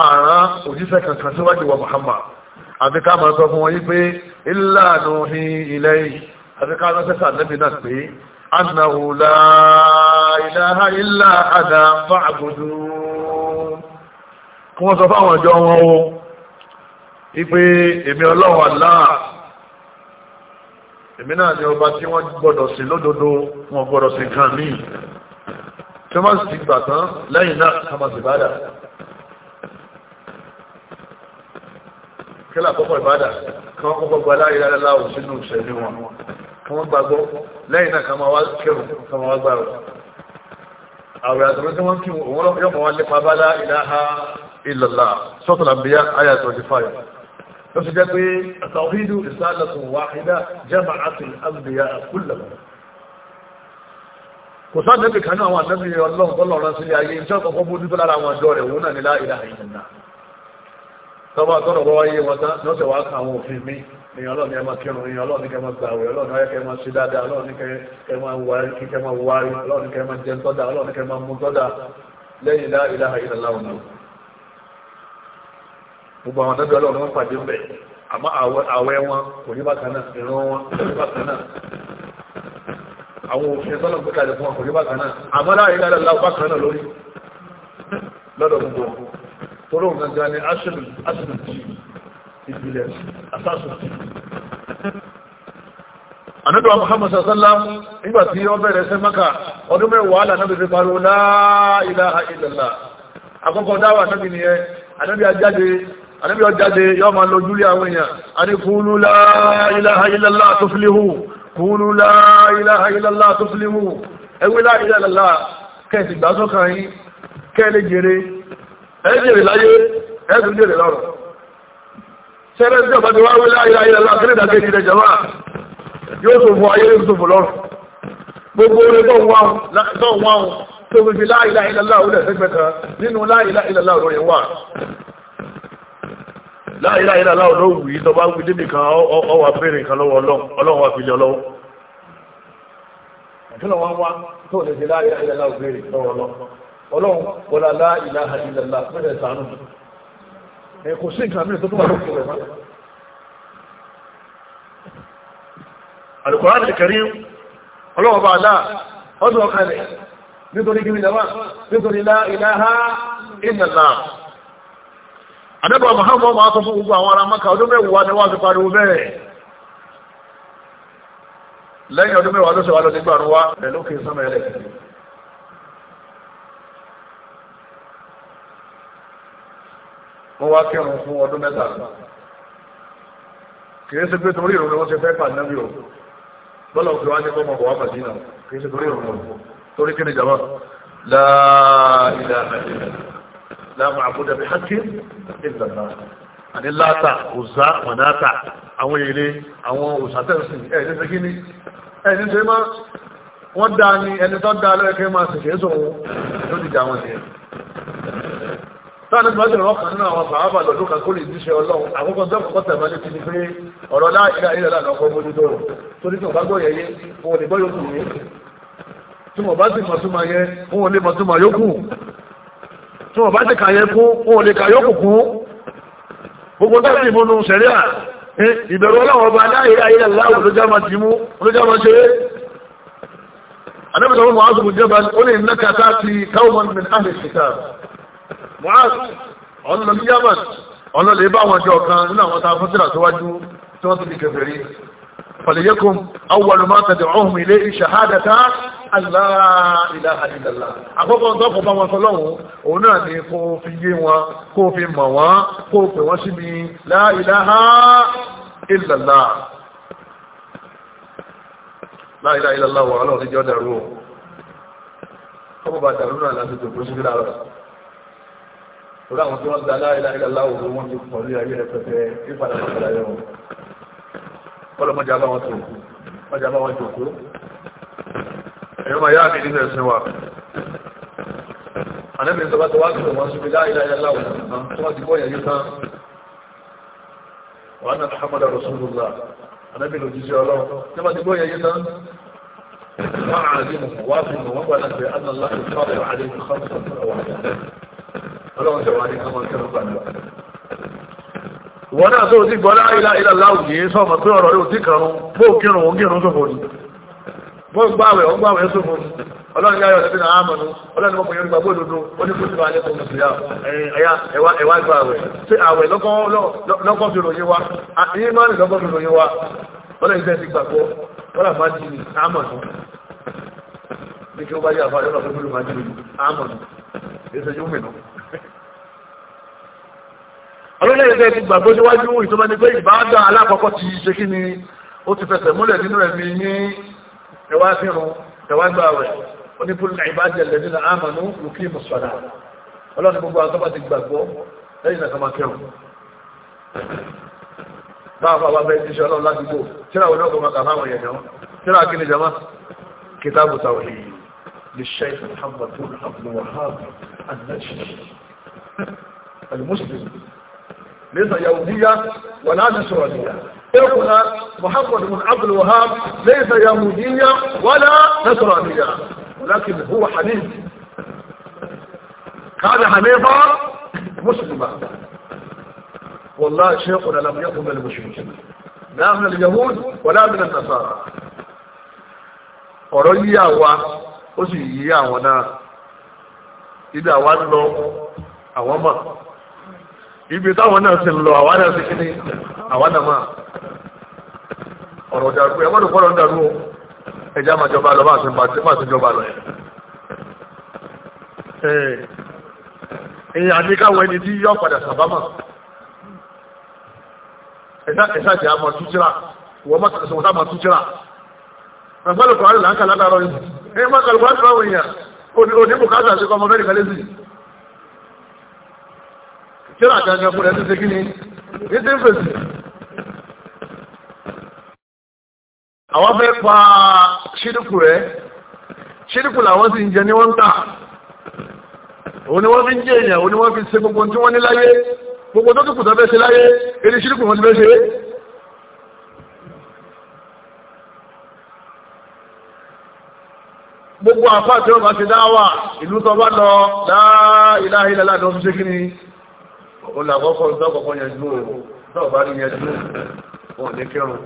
ààrán òjíṣẹ́ kankan síwájú wa Muhammad àti ká máa sọ fún wọn yí pé ìlànà ní ilẹ̀ àti ká máa sẹ́sà nẹ́bí náà pé annahu la ilaha illa ana fa'budu kí wọ́n sọ fáwọn ọjọ́ wọn o ipe èmi ọlọ́wọ́ Allah èmi náà ni ọba tí wọ́n gbọ́dọ̀ sí lódodo wọn gbọ́dọ̀ sí kan míì tí wọ́n sì gbà tán lẹ́yìn náà kàmọ̀ sí bàdà kí làkọ́kọ́ ìbàdà kí wọ́n kọ́kọ́ gba láyé lálá òsínú ìṣẹ̀lẹ̀ wọn kí wọ́n gbàgbọ́ lẹ́yìn náà kàmọ̀ wá kẹrù kàmọ̀ wá gbàrù àwẹ̀ àtàwọn tí wọ́n kí wọ́n yọ̀mọ̀ wá nípa bá lá ilaha illallah suratul anbiya àyà 25 lọ́sọ̀ jẹ́ pé àtàwọn hídù ìsáàlẹ̀ tó wáhídà jama'atul anbiya kullahum kò sáà nẹ́bì kan náà àwọn ànábì ọlọ́run tó lọ́rọ́ sílé ayé iṣẹ́ kọ̀ọ̀kan bójú tó lára àwọn àjọ rẹ̀ òun náà ní la ilaha illallah tọ́ba tọ́rọ̀ wọ́n wáyé wọn tán lọ́sẹ̀ wá kan àwọn òfin mi èèyàn ọlọ́ọ̀ni ẹ máa kẹ àwọn òfin sọ́nà pé kalẹ̀ fún ọkùnrin bákan náà àmọ́ láàyè lára láwọ́ bákan náà lórí lọ́dọ̀ gbogbo torí òun gangan ni aṣèlú tí ìbílẹ̀ asáṣù tí ànádọ́ Muhammad sasánlá nígbà tí ó bẹ̀rẹ̀ sí maka ọdún mẹ́wàá lànàbì fi parọ́ la ilaha illallah kúnú la ilaha illallah tuslimu ẹwé la ilaha illallah kẹsì gbà sọ́kàn yí kẹ́lẹ̀ jèrè ẹjèrè láyé ẹ̀sùn jèrè lọ́rọ̀ ṣẹ́rẹ́ tí ọba ti wá wé la ilaha illallah kẹ́lẹ̀ dàgbé ti rẹ̀ jama yóò tó fún ayé tó fún lọ́rọ̀ gbogbo orin tó wọ́n tó fi la ilaha illallah ó láàyè àyè aláwọ̀ ló wù yìí lọ́ba wí débi kan ọwọ́ abẹ́rẹ́ nǹkan lọ́wọ́ ọlọ́wọ́ àfihàn lọ́wọ́. àtúnà wọn wá tó lè ṣe láàyè àyè aláwọ̀ béèrè lọ́wọ́ lọ́wọ́ ọlọ́run wọlá láà ìlàhà ìlàlá fẹ́rẹ̀ sànù ẹ̀ kò sí nǹkan mìíràn tó tún wà lókè rẹ̀ máa. alùkùránì kẹrin ọlọ́wọ́ bá aláà ọdún ọkàlẹ̀ nítorí gírí lẹ́wà nítorí láà ìlàhà ìlàlá àdẹ́bọ̀ Muhammad máa sọ fún gbogbo àwọn ará Mákà ọdún mẹ́wàá ni wọ́n ti pariwo bẹ́ẹ̀ lẹ́yìn ọdún mẹ́wàá ló ṣèwà lọ nígbà wa rẹ̀ lókè sọ́mọ ẹlẹ́ wọ́n wá kírun fún ọdún mẹ́ta kìí ṣe pé torí ìrònú wọn ṣe fẹ́ pàdé náà bọ́lá òkè wá ní kọ́ mọ̀kọ̀ wá kìí ṣe torí ìrònú wọn torí kí ni jàmbá láàá ilẹ̀ àmàlẹ́ láàmú àbúdá bí hákì ìlànà àní láta òzá mọ̀náta àwọn èrè àwọn òṣàtẹ̀sì ẹ̀ ní sẹ́kí ni ẹ̀ ní sẹ́kí máa wọ́n dá ní ẹni tó dá lẹ́ẹ̀kẹ́ máa sẹ̀kẹ́ sọ̀rọ̀ ló ti dá wọn ní ẹ̀ táàní bá dẹ̀rọ kan nínú àwọn sàábà lọ́dún kan kó lè jíṣẹ́ ọlọ́run àkókò tó kọ́kọ́ tẹ̀mọ́ ní ti ní pé ọ̀rọ̀ láìlà ìlà lọ́kọ́ mójútó rò torí tí wọ́n bá gbọ́ yẹyẹ wọn ò lè gbọ́ yókù yẹ tí wọ́n bá sì mọ̀túnmọ̀ yẹ wọn ò lè mọ̀túnmọ̀ yókù tí wọ́n bá ti kàyẹ kún wọn ò lè kàyọ́kù kún gbogbo tẹ́lẹ̀ ìmúnu sẹ̀ríà ìbẹ̀rù ọlọ́wọ́ ọba aláìrí ayé aláwọ̀ olójàmá ti mú olójàmá ṣe é anábìtọ̀ mọ́ azùmù jẹba ó lè nẹ́ka tá ti káwọn min ahli kitab muaz ọ̀nà lọ ní lè bá àwọn ọjọ́ kan nínú àwọn tá a fún síra tí wọ́n ti di kèfèrí fàlẹ̀yẹ́kùn awọ̀lù máa tẹ̀dẹ̀ ọ̀hún ilé ìṣàhádàtà aláìláha ìlàlá àkọ́kọ́ tọ́kọ̀ bá wọn sọlọ́hún òun náà ni kó fi yé wọn kó fi mọ̀ wọn kó pè wọ́n síbi láìláha ìlàlá láìláha ìlàlá wà lọ́wọ́ níjọ́ dàrú o ọmọ bá dàrú náà láti tòkó sí láàrọ̀ òun àwọn tí wọ́n da láìláha ìlàlá òun wọ́n ti pọ̀ lé ayé rẹ̀ pẹ̀pẹ̀ ìpadà ọlọ́mọdé àbáwọn tó ọjà àbáwọn jòkó ẹ̀yọ́ máa yá àmì nínú ẹ̀sìn wa ànẹ́bìn sọ bá tó wá sọ̀rọ̀ wọn síbi láìláyà láwọn tó wá ti bọ́ yẹn yìí tán wà náà Muhammad Rasulullah ànẹ́bìn òjíṣẹ́ ọlọ́run tó wá ti bọ́ yẹn yìí tán máa àdínù wá fi mọ̀ wọ́n gbàdá pé wọ́n náà tó ti gbọ́ láìlá ìlàlá òjì sọ́mọ̀ pé ọ̀rọ̀ yóò tí kàrún bó kírùn ún kírùn sófò ní bó gbáwẹ̀ ó gbáwẹ̀ sófò ní ọlọ́rin yáyọ̀ ẹ̀bí náà ámọ̀nú ọlọ́rin mọ́kùn yóò gbàgbó òdòdó ó ní kúrò alẹ́ fún mùsùlùmí ẹ̀yà ẹ̀wà gbáwẹ̀ tí àwẹ̀ lọ́kọ́ fi ròyìn wa àyè máa ń lọ́kọ́ fi ròyìn wa ọlọ́rin fẹ́ ti gbàgbọ́ ọlọ́rin máa ti ámọ̀nú bí kí ó bá yà fà yọ́nà fún mùsùlùmí ámọ̀nú èsè yóò mìíràn ọlọ́lẹ́gbẹ́ ti gbàgbọ́ síwájú ìtọ́bá ní pé ìbáadà alákọ̀ọ́kọ́ ti ṣe kí ni ó ti fẹsẹ̀ múlẹ̀ nínú ẹ̀mí ní ẹwà fíhun ẹwà gbà rẹ̀ onípùlù ìbájẹ̀lẹ̀ nínú àmànú lùkí mùsùlùmí ọlọ́ni gbogbo àtọ́bá ti gbàgbọ́ lẹ́yìn ẹ̀kọ́ máa kẹrù báwa bàbá bẹ́ẹ̀ ti ṣe ọlọ́run ládùúgbò tíra wọn lọ́gbọ̀n máa kàfáwọn yẹn yẹn tíra kí ni jama kitabu tawhid lè ṣe ìfẹ́ Muhammadu Abdul Wahhab al-Najdi al ليس يهوديا ولا نصرانيا شيخنا محمد بن عبد الوهاب ليس يهوديا ولا نصرانيا ولكن هو حنيف كان حنيفا مسلما والله شيخنا لم يكن من المشركين لا من اليهود ولا من النصارى ọ̀rọ̀ yí àwa ó sì yí àwọn náà lọ àwọn mọ̀ ibi táwọn náà ti lọ àwa náà ti kíni àwa náà máa ọ̀rọ̀ dàrú ẹ̀ mọ́dún fọ́lọ́ ń dàrú o ẹ̀já máa jọba lọ máa ti jọba lọ ẹ̀ ẹ̀yìn àdíkáwọ̀ ẹni tí yọ padà sàbámà ẹ̀sá jẹ́ àmà tútírà wọ́n mọ́sàmọ́sá àmà tútírà ẹ̀fọ́lùkọ̀ àrìlà ń kà látàrọ yìí ẹ̀yìn mọ́sàlùkọ̀ àrìlà kíra gangan fún ẹ̀ tó ṣe kí ni ní tí ń fèsì. àwọn fẹ́ pa ṣírùkù rẹ̀ ṣírùkù làwọn sì ń jẹ ní wọ́n ń tà òun ni wọ́n fi ń jẹ èèyàn òun ni wọ́n fi ṣe gbogbo tí wọ́n ní láyé gbogbo tó kùkù tó fẹ́ ṣe láyé eré ṣírùkù wọn ti fẹ́ ṣe gbogbo àfáà tí wọ́n bá ṣe dáwà ìlú tó bá lọ láàá ìlàhílà láàá tó ṣe kí ni ọ̀pọ̀lọ̀ àkọ́kọ́ ìtọ́kọ̀ọ́kọ́ yẹjú ohun náà bá rí yẹjú ohun ní kírùn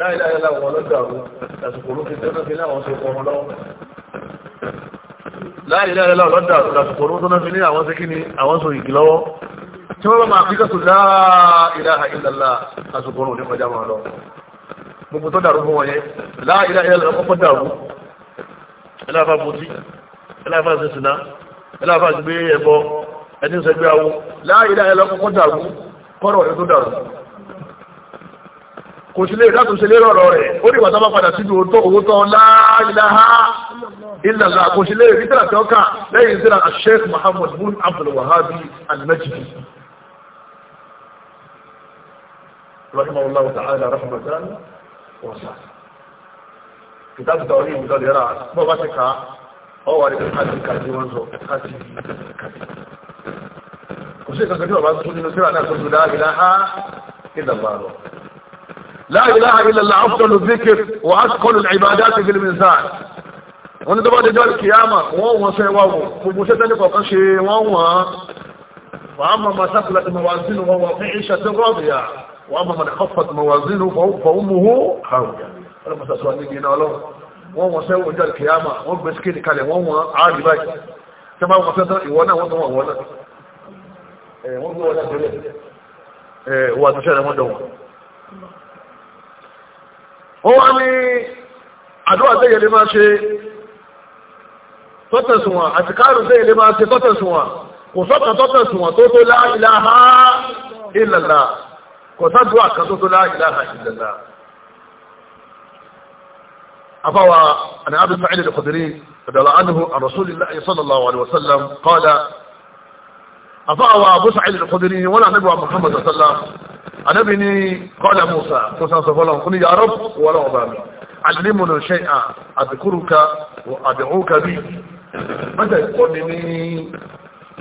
láìláyé láwọn ọlọ́dọ̀ àwọn lásìkò olókè tó náà fi láwọn ṣe pọ̀ wọn lọ́wọ́ láìláyé láwọn ọlọ́dọ̀ àwọn lásìkò olókè tó náà fi ní àwọn ṣe kí ni àwọn sọ ìgì lọ́wọ́ tí wọ́n bá máa fi kẹ́sù láìláha ìlàlá lásìkò olókè ní kọjá wọn lọ gbogbo tó dàrú fún wọn yẹn láìláyé láwọn ọkọ̀ dàrú ẹláfà mutí ẹláfà ṣẹṣìná ẹláfà gbé ẹbọ ẹni sẹgbẹ́ awo láàyè láyé lọ́kọ́kọ́ dàrú kọ́rọ̀ rẹ̀ tó dàrú kò sí lè látò sí lérò ọ̀rọ̀ rẹ̀ ó ní ìwàtá bá padà sínú owó tán láàrínláha ìlànà kò sí lè rí tẹ́lá tí ó kà lẹ́yìn tẹ́lá Sheikh Muhammad bin Abdul Wahhab al-Najdi rahimahullahu ta'ala rahmatan wasa kìtàbù bọ́ bá ti ká ọ wà ní kàtí wọ́n sọ kàtí kàtí وشيء كثير بعض الشيء من السبع نقول لا إله إلا الله لا إله إلا الله أفضل الذكر وأسكل العبادات في الميزان وندبا دجا القيامة وو وسي وو فبوشي تاني فوقشي وو وأما ما سقلت موازينه وهو في عيشة راضية وأما من خفت موازينه فهو فأمه خاوية أنا مثلا سؤال نيجي هنا ولو وو وسي وو دجا القيامة وو بسكيني كالي وو عادي باي كما هو مثلا وانا وانا وانا Eh, wọ́n gbé wọn láti rẹ̀ wọ́n àtúnṣe rẹ̀ wọ́n dọ̀wọ́. wọ́n wá ní àdúrà tẹ́yẹ lè máa ṣe tọ́tẹ̀sùnwọ̀n àti káàrùn tẹ́yẹ lè máa ṣe tọ́tẹ̀sùnwọ̀n kò sọ́tà tọ́tẹ̀sùnwọ̀n tó tó la ilaha kò sádùá kan tó tó la ilaha أبي سعيد الخدري رضي عنه عن صلى الله عليه وسلم قال àfọ àwọn àbúṣà ilẹ̀ ìkọdìrí wọn náà níbi wa muhammad sallá anábì ní kọ́lá musa tó sàn sọ fọlọ́n kún yàrá wọlé ọba mi àdìrímù ló ṣe à àdìkúrúka àdìkúrúka bí mẹ́ta ìkọ́ mi ní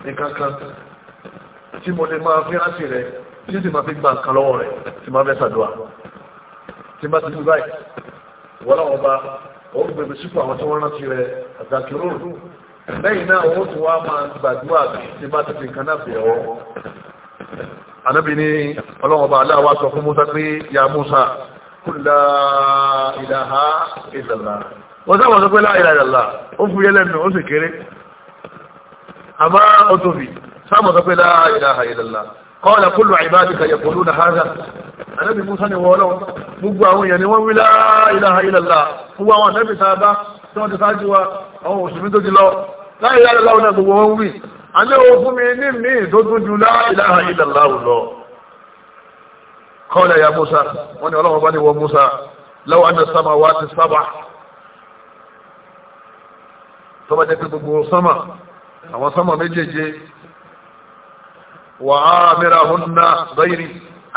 nǹkankan tí mo lè máa fi rántí rẹ̀ tí sì máa fi gba nǹkan lọ́wọ́ rẹ̀ tí máa fẹ́ sàdúrà tí bá ti dúbáì wọlé ọba ó gbèbè sípò àwọn tí wọ́n rántí rẹ̀ àdàkìrúurú lẹ́yìn náà wọ́n tún wá máa gbàdúrà tí bá ti fi nǹkan náà fẹ̀ ọ́ anábì ní ọlọ́run ọba aláwa sọ fún Musa pé ya Musa kul la ilaha illallah wọ́n sábà sọ pé la ilaha illallah ó fi yẹlẹ́ nù ó sì kéré àmọ́ ó tóbi sábà sọ pé la ilaha illallah qala kullu ibadika yaquluna hadha anábì Musa ni wọ́ọ́lọ́wọ́ gbogbo àwọn èèyàn ni wọ́n wí la ilaha gbogbo àwọn anábì tá tí wọ́n ti sáájú wa ọmọ òṣèlú tó ti lọ láì yára láwọn náà gbogbo wọn wí àní o fún mi ní mi tó tún ju la ilaha illallah lọ kọ́lá ya Musa wọ́n ni ọlọ́wọ́ bá ní wọ Musa law anna samawati sab'a tó bá jẹ́ pé gbogbo sánmà àwọn sánmà méjèèje wà á mẹ́ra hún náà báyìí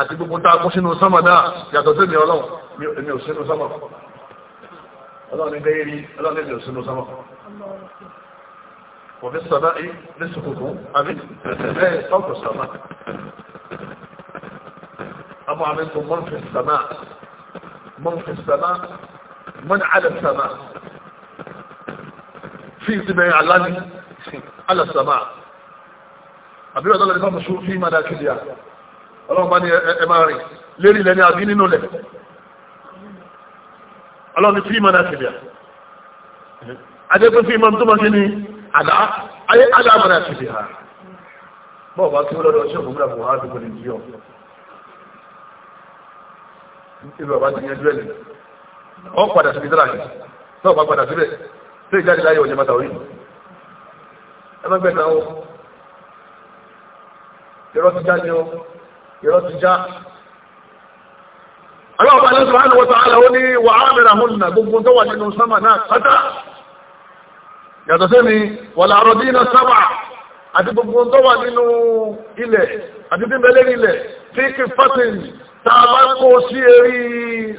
àti gbogbo tá a kún sínú sánmà náà yàtọ̀ sí mi ọlọ́run mi ò sínú sánmà الله نبي لي الله نبي يرسل سماء وفي السماء نسخكم أمين في السماء فوق السماء أما عملتم من في السماء من في السماء من على السماء في ما يعلن على السماء أبي الله اللي فهم شو في ملاك اليا الله ماني إماري ليري لاني عزيني نولك ọlọ́ni tí ìmọ̀ náà tìbíà adékún ìmọ̀ tó mọ̀ sí ni àdá ayé aláàmọ̀ náà tìbíà bọ́ọ̀ bá kí lọ́dọ̀ ṣe òkúta bọ̀ wá dùkọ̀ nìjí ọ̀ nítorí bàbá ti yẹn dúẹ́lì ọ padà síbi dára yìí náà bá padà síbẹ̀ tó ìjáde láyé ọ̀jẹ̀ mọ́ta orí ẹ má o ìrọ́ ti já ni o ìrọ́ ti já ọlọ́ọ̀bá lọ́sọ̀ hàn wọ́ta hàn ó ní wà á mẹ́ra hún nà gbogbo tó wà nínú sánmà náà pátá yàtọ̀ sí ni wà láàrọ̀ dínà sábà àti gbogbo tó wà nínú ilẹ̀ àti tí mẹ́lẹ́ ilẹ̀ tí kì fásitì a bá kó sí eré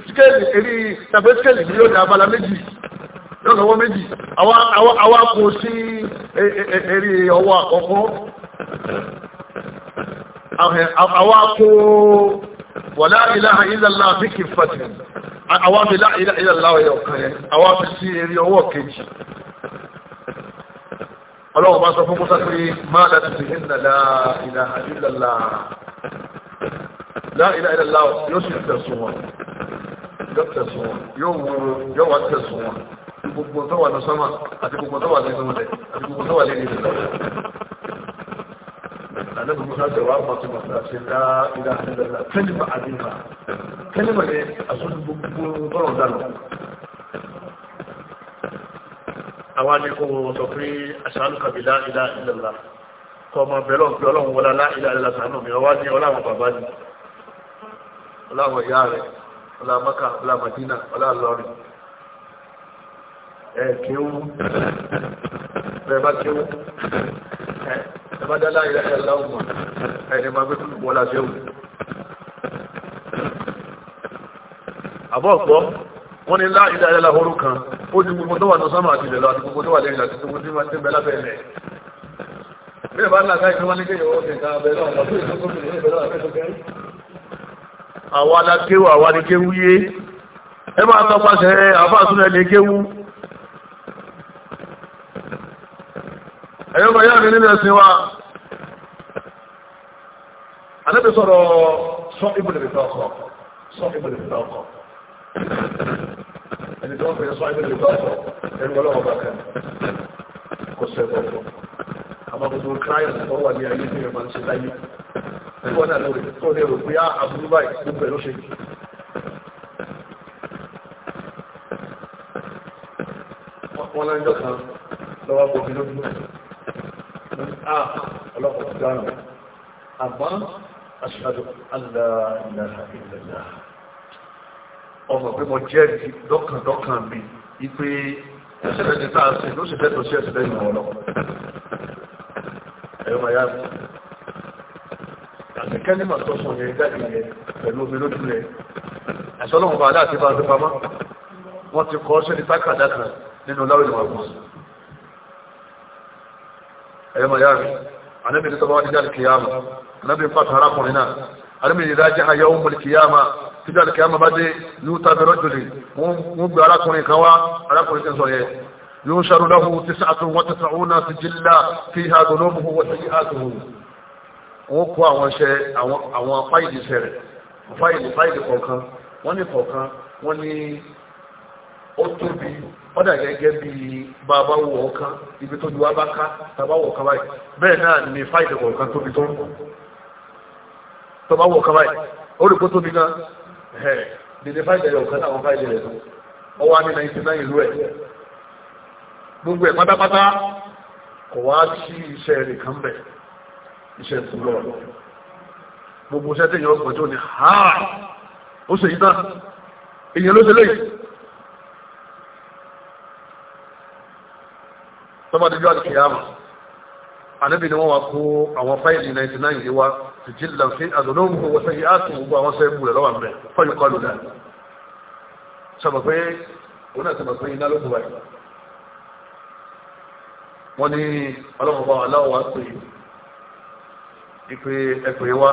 skéèlì eré tàbí skéèlì ní yóò dá abala méjì yóò lọ́wọ́ méjì àwa kó sí e, e, e, eré ọwọ́ wọ̀lá ìlàhà ìlàlá bí kì fàtì àwọn ìlà ìlàlá ọ̀yọ̀ kan yẹn àwọn fi sí eré ọwọ́ kejì ọlọ́wọ́ bá sọ fún mọ́sá pé máa láti fi hìn nà láìlàhà ìlàlá láìlà ìlàlá yóò sì tẹ̀sùn wọn yóò tẹ̀sùn wọn yóò wúro yóò wá tẹ̀sùn wọn gbogbo tó wà ní sọ́mà àti gbogbo tó wà nínú rẹ̀ àti gbogbo tó wà nínú rẹ̀ annabi musa da wa masu masu la ila halala kalma azima kalma ne a sun bugun tsoron dalo àwọn ni kò sọ pé aṣáálùkà bí la ila illallah kọ ọmọ bẹ̀rẹ̀ ọ̀pẹ ọlọ́run la ila illallah sànú mi ọwá ní ọláwọn bàbá ni ọláwọn ìyá rẹ̀ maka ọlá madina ọlá lọrin ẹ̀ kéwú bẹ́ẹ̀ bá kéwú ẹ̀bádálá ilẹ̀ ẹ̀láwùmọ̀ ẹni máa gbé fún bọ́lá ṣéwù àbọ̀pọ̀ wọ́n ní láì ilẹ̀ ẹ̀láhóró kan ó ti gbogbo tó wà ní sánmà àti ìlẹ̀lọ àti gbogbo tó wà lẹ́yìn àti gbogbo tí wọ́n ti bẹ lábẹ́ ilẹ̀ bí ẹ̀bá ńlá ká ìfẹ́ wọn ní kéèyàn ó ti ká abẹ́ náà lọ́pọ̀ ìfẹ́ àwọn alákéwù ẹ̀yọ́ bá yára nínú ẹ̀sìn wa anábì sọ̀rọ̀ sọ ibùdó ìfẹ́ ọkọ̀ sọ ibùdó ìfẹ́ ọkọ̀ ẹni tó ń fẹ́ sọ ibùdó ìfẹ́ ọkọ̀ ẹni ọlọ́wọ́ bá kẹ́ kó sẹ́kọ̀ọ́ fún àmọ́ gbogbo káyọ̀ tó wà ní ayé tí ìrìnbá ń ṣe láyé tí wọ́n náà lórí tó lè rò pé àbúrú ah, báyìí gbogbo ẹ̀ ṣe wọ́n lájọ́ kan lọ́wọ́ bọ̀ ọlọ́pàá ti dáhùn àmọ́ aṣáájú aláìláha ìlàlá ọmọ pé mo jẹ́rìí dọ́kàndọ́kàn mi wípé ẹsẹ̀ ní tá a sìn ló sì fẹ́ tó sí ẹsẹ̀ lẹ́yìn ọ̀rọ̀ ẹ̀rọ màá yá mi àtẹ̀kẹ́ ní màá ẹ̀yẹ́mọ̀ yára anábì ní sọ́bọ̀ níjà kìyàmà anábì ń pàtó arákùnrin náà anábì ní ìdájí ayé ohun mọ̀lì kìyàmà níjà kìyàmà bá dé yóò tàbí rọ́jòlì wọ́n gbé arákùnrin kan wá arákùnrin kan sọ yẹ yóò ṣàrù lahu tis'atun wa tis'una sijilla fiha dhunubuhu wa sayyi'atuhu wọ́n kó àwọn iṣẹ́ àwọn fáìlì iṣẹ́ rẹ̀ fáìlì fáìlì kọ̀ọ̀kan wọ́n ní kọ̀ọ̀kan wọ́n ní ó tóbi ó gẹ́gẹ́ bí bàbá wọ̀ ọ̀kan ibi tó ju bá ká tàbá ọ̀kan báyìí bẹ́ẹ̀ náà ni fáìlì kọ̀ọ̀kan tóbi tó ń kọ̀ tọba wọ̀ ọ̀kan báyìí ó rí kó tóbi náà ẹ̀ dèdè ọ̀kan táwọn fáìlì rẹ̀ tó ọwọ́ á ní náà ìlú ẹ̀ gbogbo gbogbo tọ́ba dójú àti kìyàmù ànábì ni wọ́n wá kó àwọn fáìlì 99 yìí wá ti jìlá fi àdùnnú owó sẹ́yìn àti gbogbo àwọn sẹ́yìn múlẹ̀ lọ́wọ́ mẹ́ fọ́yìn kọlù náà sọ̀rọ̀ pé òun náà sọ̀rọ̀ pé iná ló kù báyìí wọ́n ní ọlọ́mọba aláwọ̀ wá pè ìpè ẹ̀pẹ̀ wa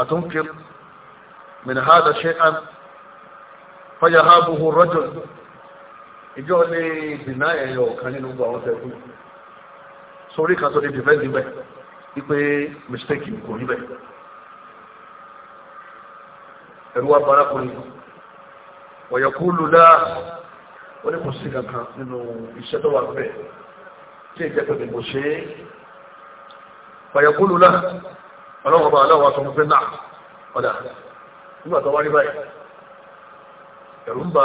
àtúnkì mìnàhádà ṣe án fọ́yà hábùhù rọ́jòlù ìjọ lè dìná ẹ̀yọ ọ̀kan nínú gbogbo àwọn tẹ́kù sórí kan tó lè dìfẹ́ níbẹ̀ wípé mistake kò níbẹ̀ ẹ̀rú wa barakùnrin ọ̀yọ̀kú lula ó ní kò sí kankan nínú iṣẹ́ tó wà bẹ́ẹ̀ tí ìjẹ́ pẹ̀lú kò ṣe é ọ̀yọ̀kú lula ọlọ́wọ́ bá aláwọ̀ aṣọ fún náà ọ̀dà nígbà tó wá rí báyìí ẹ̀rú ń ba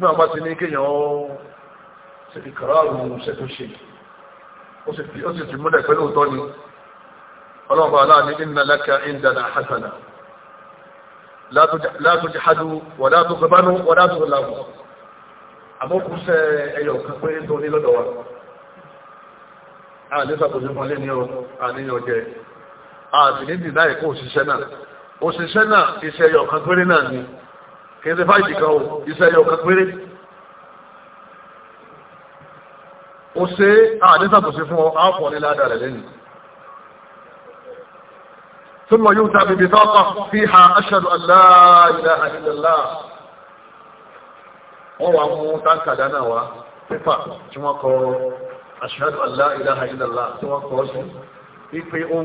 náà bá ti ní kéèyàn ó ṣe ìkàrà àwọn òṣè tó ṣe ó sì ti múlẹ̀ pẹ̀lú òótọ́ ni ọlọ́run bá aláàánú inna laka indana hasana látò jihadu wàdá tó gbẹbánú wàdá tó láwù àmókùsẹ̀ ẹyọ kan pé tó ní lọ́dọ̀ wa àní sàkóso fún alẹ́ ní àníyàn jẹ àti ní dìdá ẹ̀kọ́ òṣìṣẹ́ náà kì í ṣe fáìlì kan o iṣẹ́ yọ kan péré o ṣe àdínsàkóso fún ọ àápọ̀ ní ládàá rẹ̀ lẹ́yìn ثم يؤتى ببطاقة فيها أشهد أن لا إله إلا الله ọwọ́ àwọn táǹkà dáná wa pípà tí wọ́n kọ aṣíwájú aláìláha ìlàlá tí wọ́n kọ́ sí wípé ó ń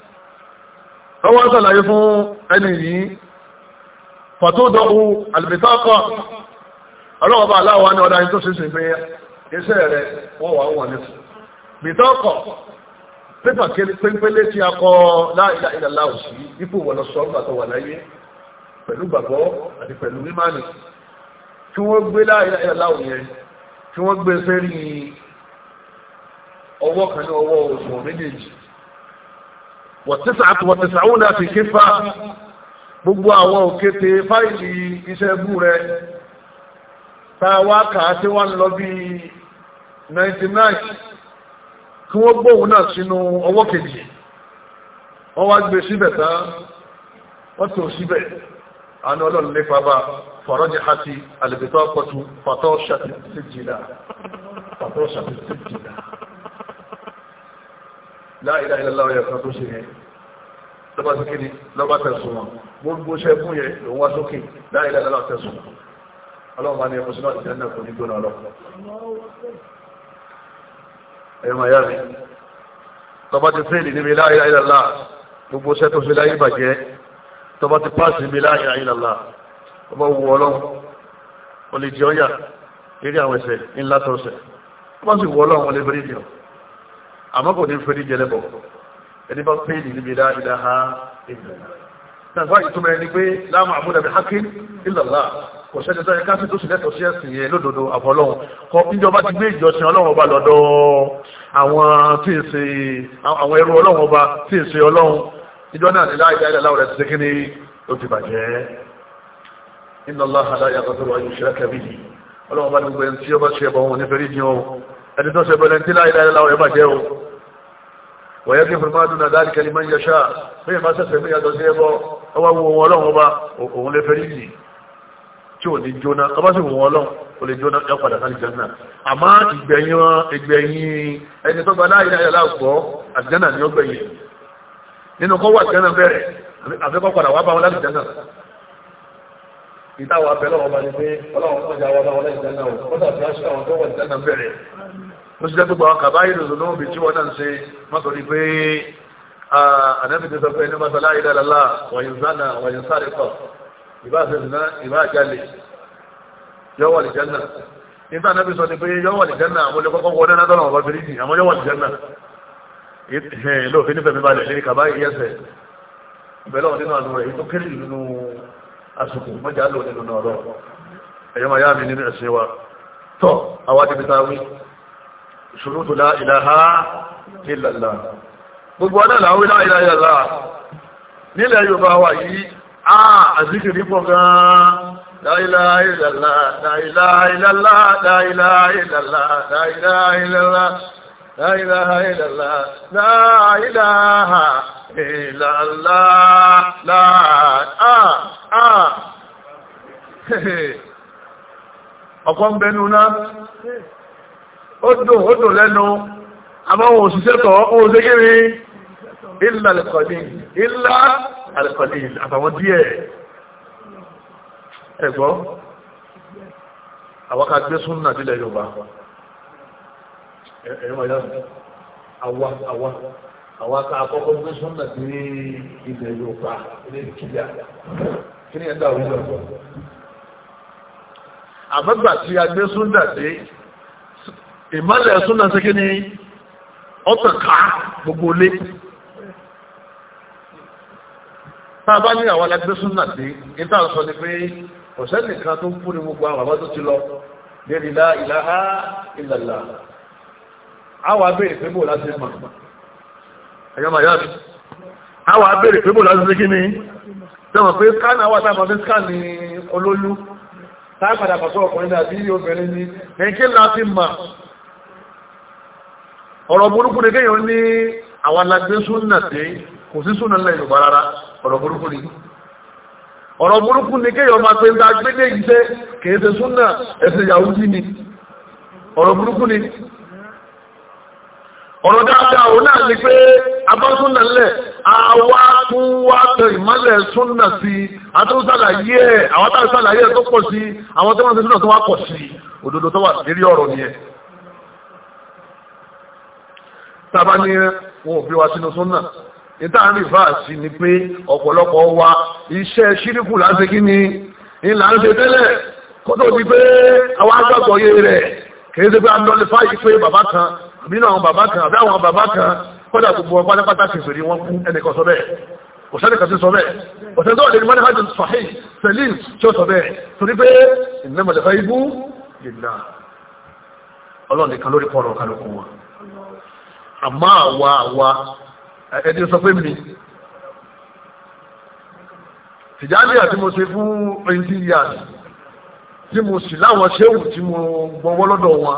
ọwọ́ sàlàyé fún ẹni yìí fàtódọ́kù albìtákọ̀ ọlọ́wọ́bà aláwọ̀ ní ọdá tó sì sì pé iṣẹ́ rẹ̀ wọ́n wà wọ́n ní fún bìtákọ̀ pépà pínpínlẹ̀ tí a kọ láìlà ìlàláwò sí ipò wọ̀lọ́ sọ gbàtọ̀ wà láyé pẹ̀lú gbàgbọ́ àti pẹ̀lú mímánì tí wọ́n gbé láìlà ìlàláwò yẹn tí wọ́n gbé fẹ́rí ọwọ́ kan ní ọwọ́ òṣùwọ̀n méjèèjì wọ̀tísà àti wọ̀tísà ó náà ti ké fa gbogbo àwọn òkété fáìlì iṣẹ́ ẹbú rẹ̀ tá a wá kà á tí wọ́n ń lọ bí 99 kí wọ́n gbóhùn náà sínú ọwọ́ kejì wọ́n wá gbé síbẹ̀ tán wọ́n tó síbẹ̀ àánú ọlọ́run lè fàbà fọ̀rọ́jì àti àlèbètò àpọ̀tù fàtọ́ ṣàtìsí jìlá láìláìláwọ̀ ẹ̀kan tó ṣe yẹn lọ́bá tó kíni lọ́bá tẹ̀sùn wọn gbogbo ṣe fún yẹn ló wá sókè láìláìláwọ̀ tẹ̀sùn ọlọ́run bá ní ẹkùn sínú àti jẹ́nà kò ní gbóná lọ ẹ̀yọ́ màá yá mi lọ́bá ti fẹ́ẹ̀lì níbi láìláìláwọ̀ gbogbo ṣe tó ṣe láyé bàjẹ́ tọ́bá ti páàsì níbi láìláìláwọ̀ ọba wù ọlọ́run olè jẹ́ ọ̀yà eré àwọn ẹ̀sẹ̀ ńlá tọ́sẹ̀ àmọ́ kò ní fẹ́rí jẹlẹ́bọ̀ ẹni bá pé ní níbi láìlá ha ìlàlá tàbí ìtumọ̀ ẹni pé láàmà àbúdà bí hákí ìlàlá kò sẹ́ni tó yẹ ká sí tó sì lẹ́tọ̀ sí ẹ̀sìn yẹn lódodo àfọlọ́hun kọ ìjọba ti gbé ìjọsìn ọlọ́run ọba lọ́dọ̀ àwọn tí ń ṣe àwọn ẹrú ọlọ́run ọba tí ń ṣe ọlọ́run ẹni tó ṣe bẹ̀lẹ̀ntí láìláìláwọ̀ ẹ̀bà jẹ́ o wọ̀nyẹ́ kí fún mádùn àdáàrí kẹlì máa ń yẹṣà bí ìmá sẹ́fẹ̀ mí yàtọ̀ sí ẹbọ ọwá wo wọn ọlọ́run ọba òun lè fẹ́rí yìí tí ò ní jóná ọba sì wọn ọlọ́run ò lè jóná ẹ padà ìtawà abẹ́lẹ̀ ọba ni pé ọlọ́run tó jà wọ́n láwọn lẹ́yìn jẹ́nà o ó dàbí aṣọ àwọn tó wọ̀ ní jẹ́nà bẹ̀rẹ̀ ó sì jẹ́ tó gba ọkà báyìí lòdò náà bí tí wọ́n náà ń ṣe mọ́tòrí pé ànábì tó sọ pé ní mọ́tò láyé dáadáa wọ̀nyí zánà wọ̀nyí sáré kọ̀ ìbá àfẹ́sìnà ìbá àjálè yọ́wọ̀ lè jẹ́nà nígbà ànábì sọ ni pé yọ́wọ̀ lè jẹ́nà àwọn olùkọ́kọ́ wọlé náà dọ́nà ọba bíríìjì àmọ́ yọ́wọ̀ lè jẹ́nà lóòfin nífẹ̀ẹ́ mi balẹ̀ ní kàbáyé yẹsẹ̀ bẹ́ẹ̀ lọ́wọ́ nínú àánú rẹ̀ èyí tó kéré nínú àsìkò mọ́jà lò nínú náà lọ ẹ̀yọ́ máa yá mi nínú ẹ̀sìn wa tọ́ àwọn àti bíta wí ṣùrútù la ilaha illallah gbogbo ọ̀nà làwọn la ilaha illallah nílẹ̀ Yorùbá wà yìí á àzíkìrí pọ̀ gan-an la ilaha illallah la ilaha illallah la ilaha illallah la ilaha illallah la ìlàlá láàá ọ̀pọ̀ ń bẹnu náà ó dùn ó dùn lẹ́nu àbáwọn òṣìṣẹ́ tọ́ ó ṣe kiri ìlà alẹ́kọ̀ọ́lì ìlà alẹ́kọ̀ọ́lì àbàwọn díẹ̀ ẹ̀gbọ́ àwọn ká gbé súnnà nílẹ̀ Yorùbá ẹ̀rọ ìyá àwọn aka àkọ́kọ́ gbé sọ́nà dé ilẹ̀ Yorùbá ilé kíyà kí ni ẹ̀dá òun lọ́wọ́ àmọ́gbà tí a gbé sọ́nà dé ìmọ̀lẹ̀ sọ́nà sí kí ni ọ̀tàn ká gbogbo lé tá a bá ní àwọn alágbé sọ́nà dé níta sọ ni pé ọ̀sẹ̀ nìkan tó ń fún ni gbogbo àwọn àbá ti lọ lẹ́rìí lá ìlàhá ìlàlá àwọn abẹ́rẹ́ pé bò láti mọ̀ ẹ̀yọ́ màá yá mi àwọn abéèrè pé bò láti ṣe kí ni sọ̀rọ̀ pé scan àwọn àtàwọn fi scan ní olólú táàpàdà pàṣọ ọkùnrin àti obìnrin ni ẹ̀kí láti mà ọ̀rọ̀ burúkú ni kéèyàn ní àwọn alágbé súnà tí kò sí súnà ńlẹ̀ Yorùbá rárá ọ̀rọ̀ burúkú ni ọ̀rọ̀ burúkú ni kéèyàn máa pe ńlá gbédé yìí tẹ́ kèése súnà ẹ̀sìn Yahudi ni ọ̀rọ̀ burúkú ni ọ̀rọ̀ dáadáa òun náà ni pé abásúnà lẹ̀ àwa tún wá tẹ ìmọ́lẹ̀ súnà sí i àtúnṣàlàyé ẹ̀ àwọn tá a ṣàlàyé ẹ̀ tó pọ̀ sí i àwọn tó wọ́n ti súnà tó wá pọ̀ sí i òdodo tó wà lérí ọ̀rọ̀ nìyẹn. tábà ní wọn ò fi wá sínú súnà níta ń rí fáàsì ni pé ọ̀pọ̀lọpọ̀ wa iṣẹ́ ṣíríkù láti kí ni ìlà ń ṣe tẹ́lẹ̀ kó tó di pé àwọn agbàgbọ́ nínú àwọn bàbá kan àbí àwọn bàbá kan kọ́dà gbogbo ọba lápátá ti fèrè wọn fún ẹnìkan sọ bẹ́ẹ̀ òṣèlú kan ti sọ bẹ́ẹ̀ òṣèlú tó wà lórí mọ́nà hajj sahih selim tí ó sọ bẹ́ẹ̀ torí pé innamal ghaibu lillah ọlọ́run nìkan lórí pọ́ọ̀rọ̀ kálukú wọn àmọ́ àwa àwa ẹni sọ pé mi tìjáde àti mo ṣe fún twenty years tí mo sì láwọn ṣéwù tí mo gbọ́wọ́ lọ́dọ̀ wọn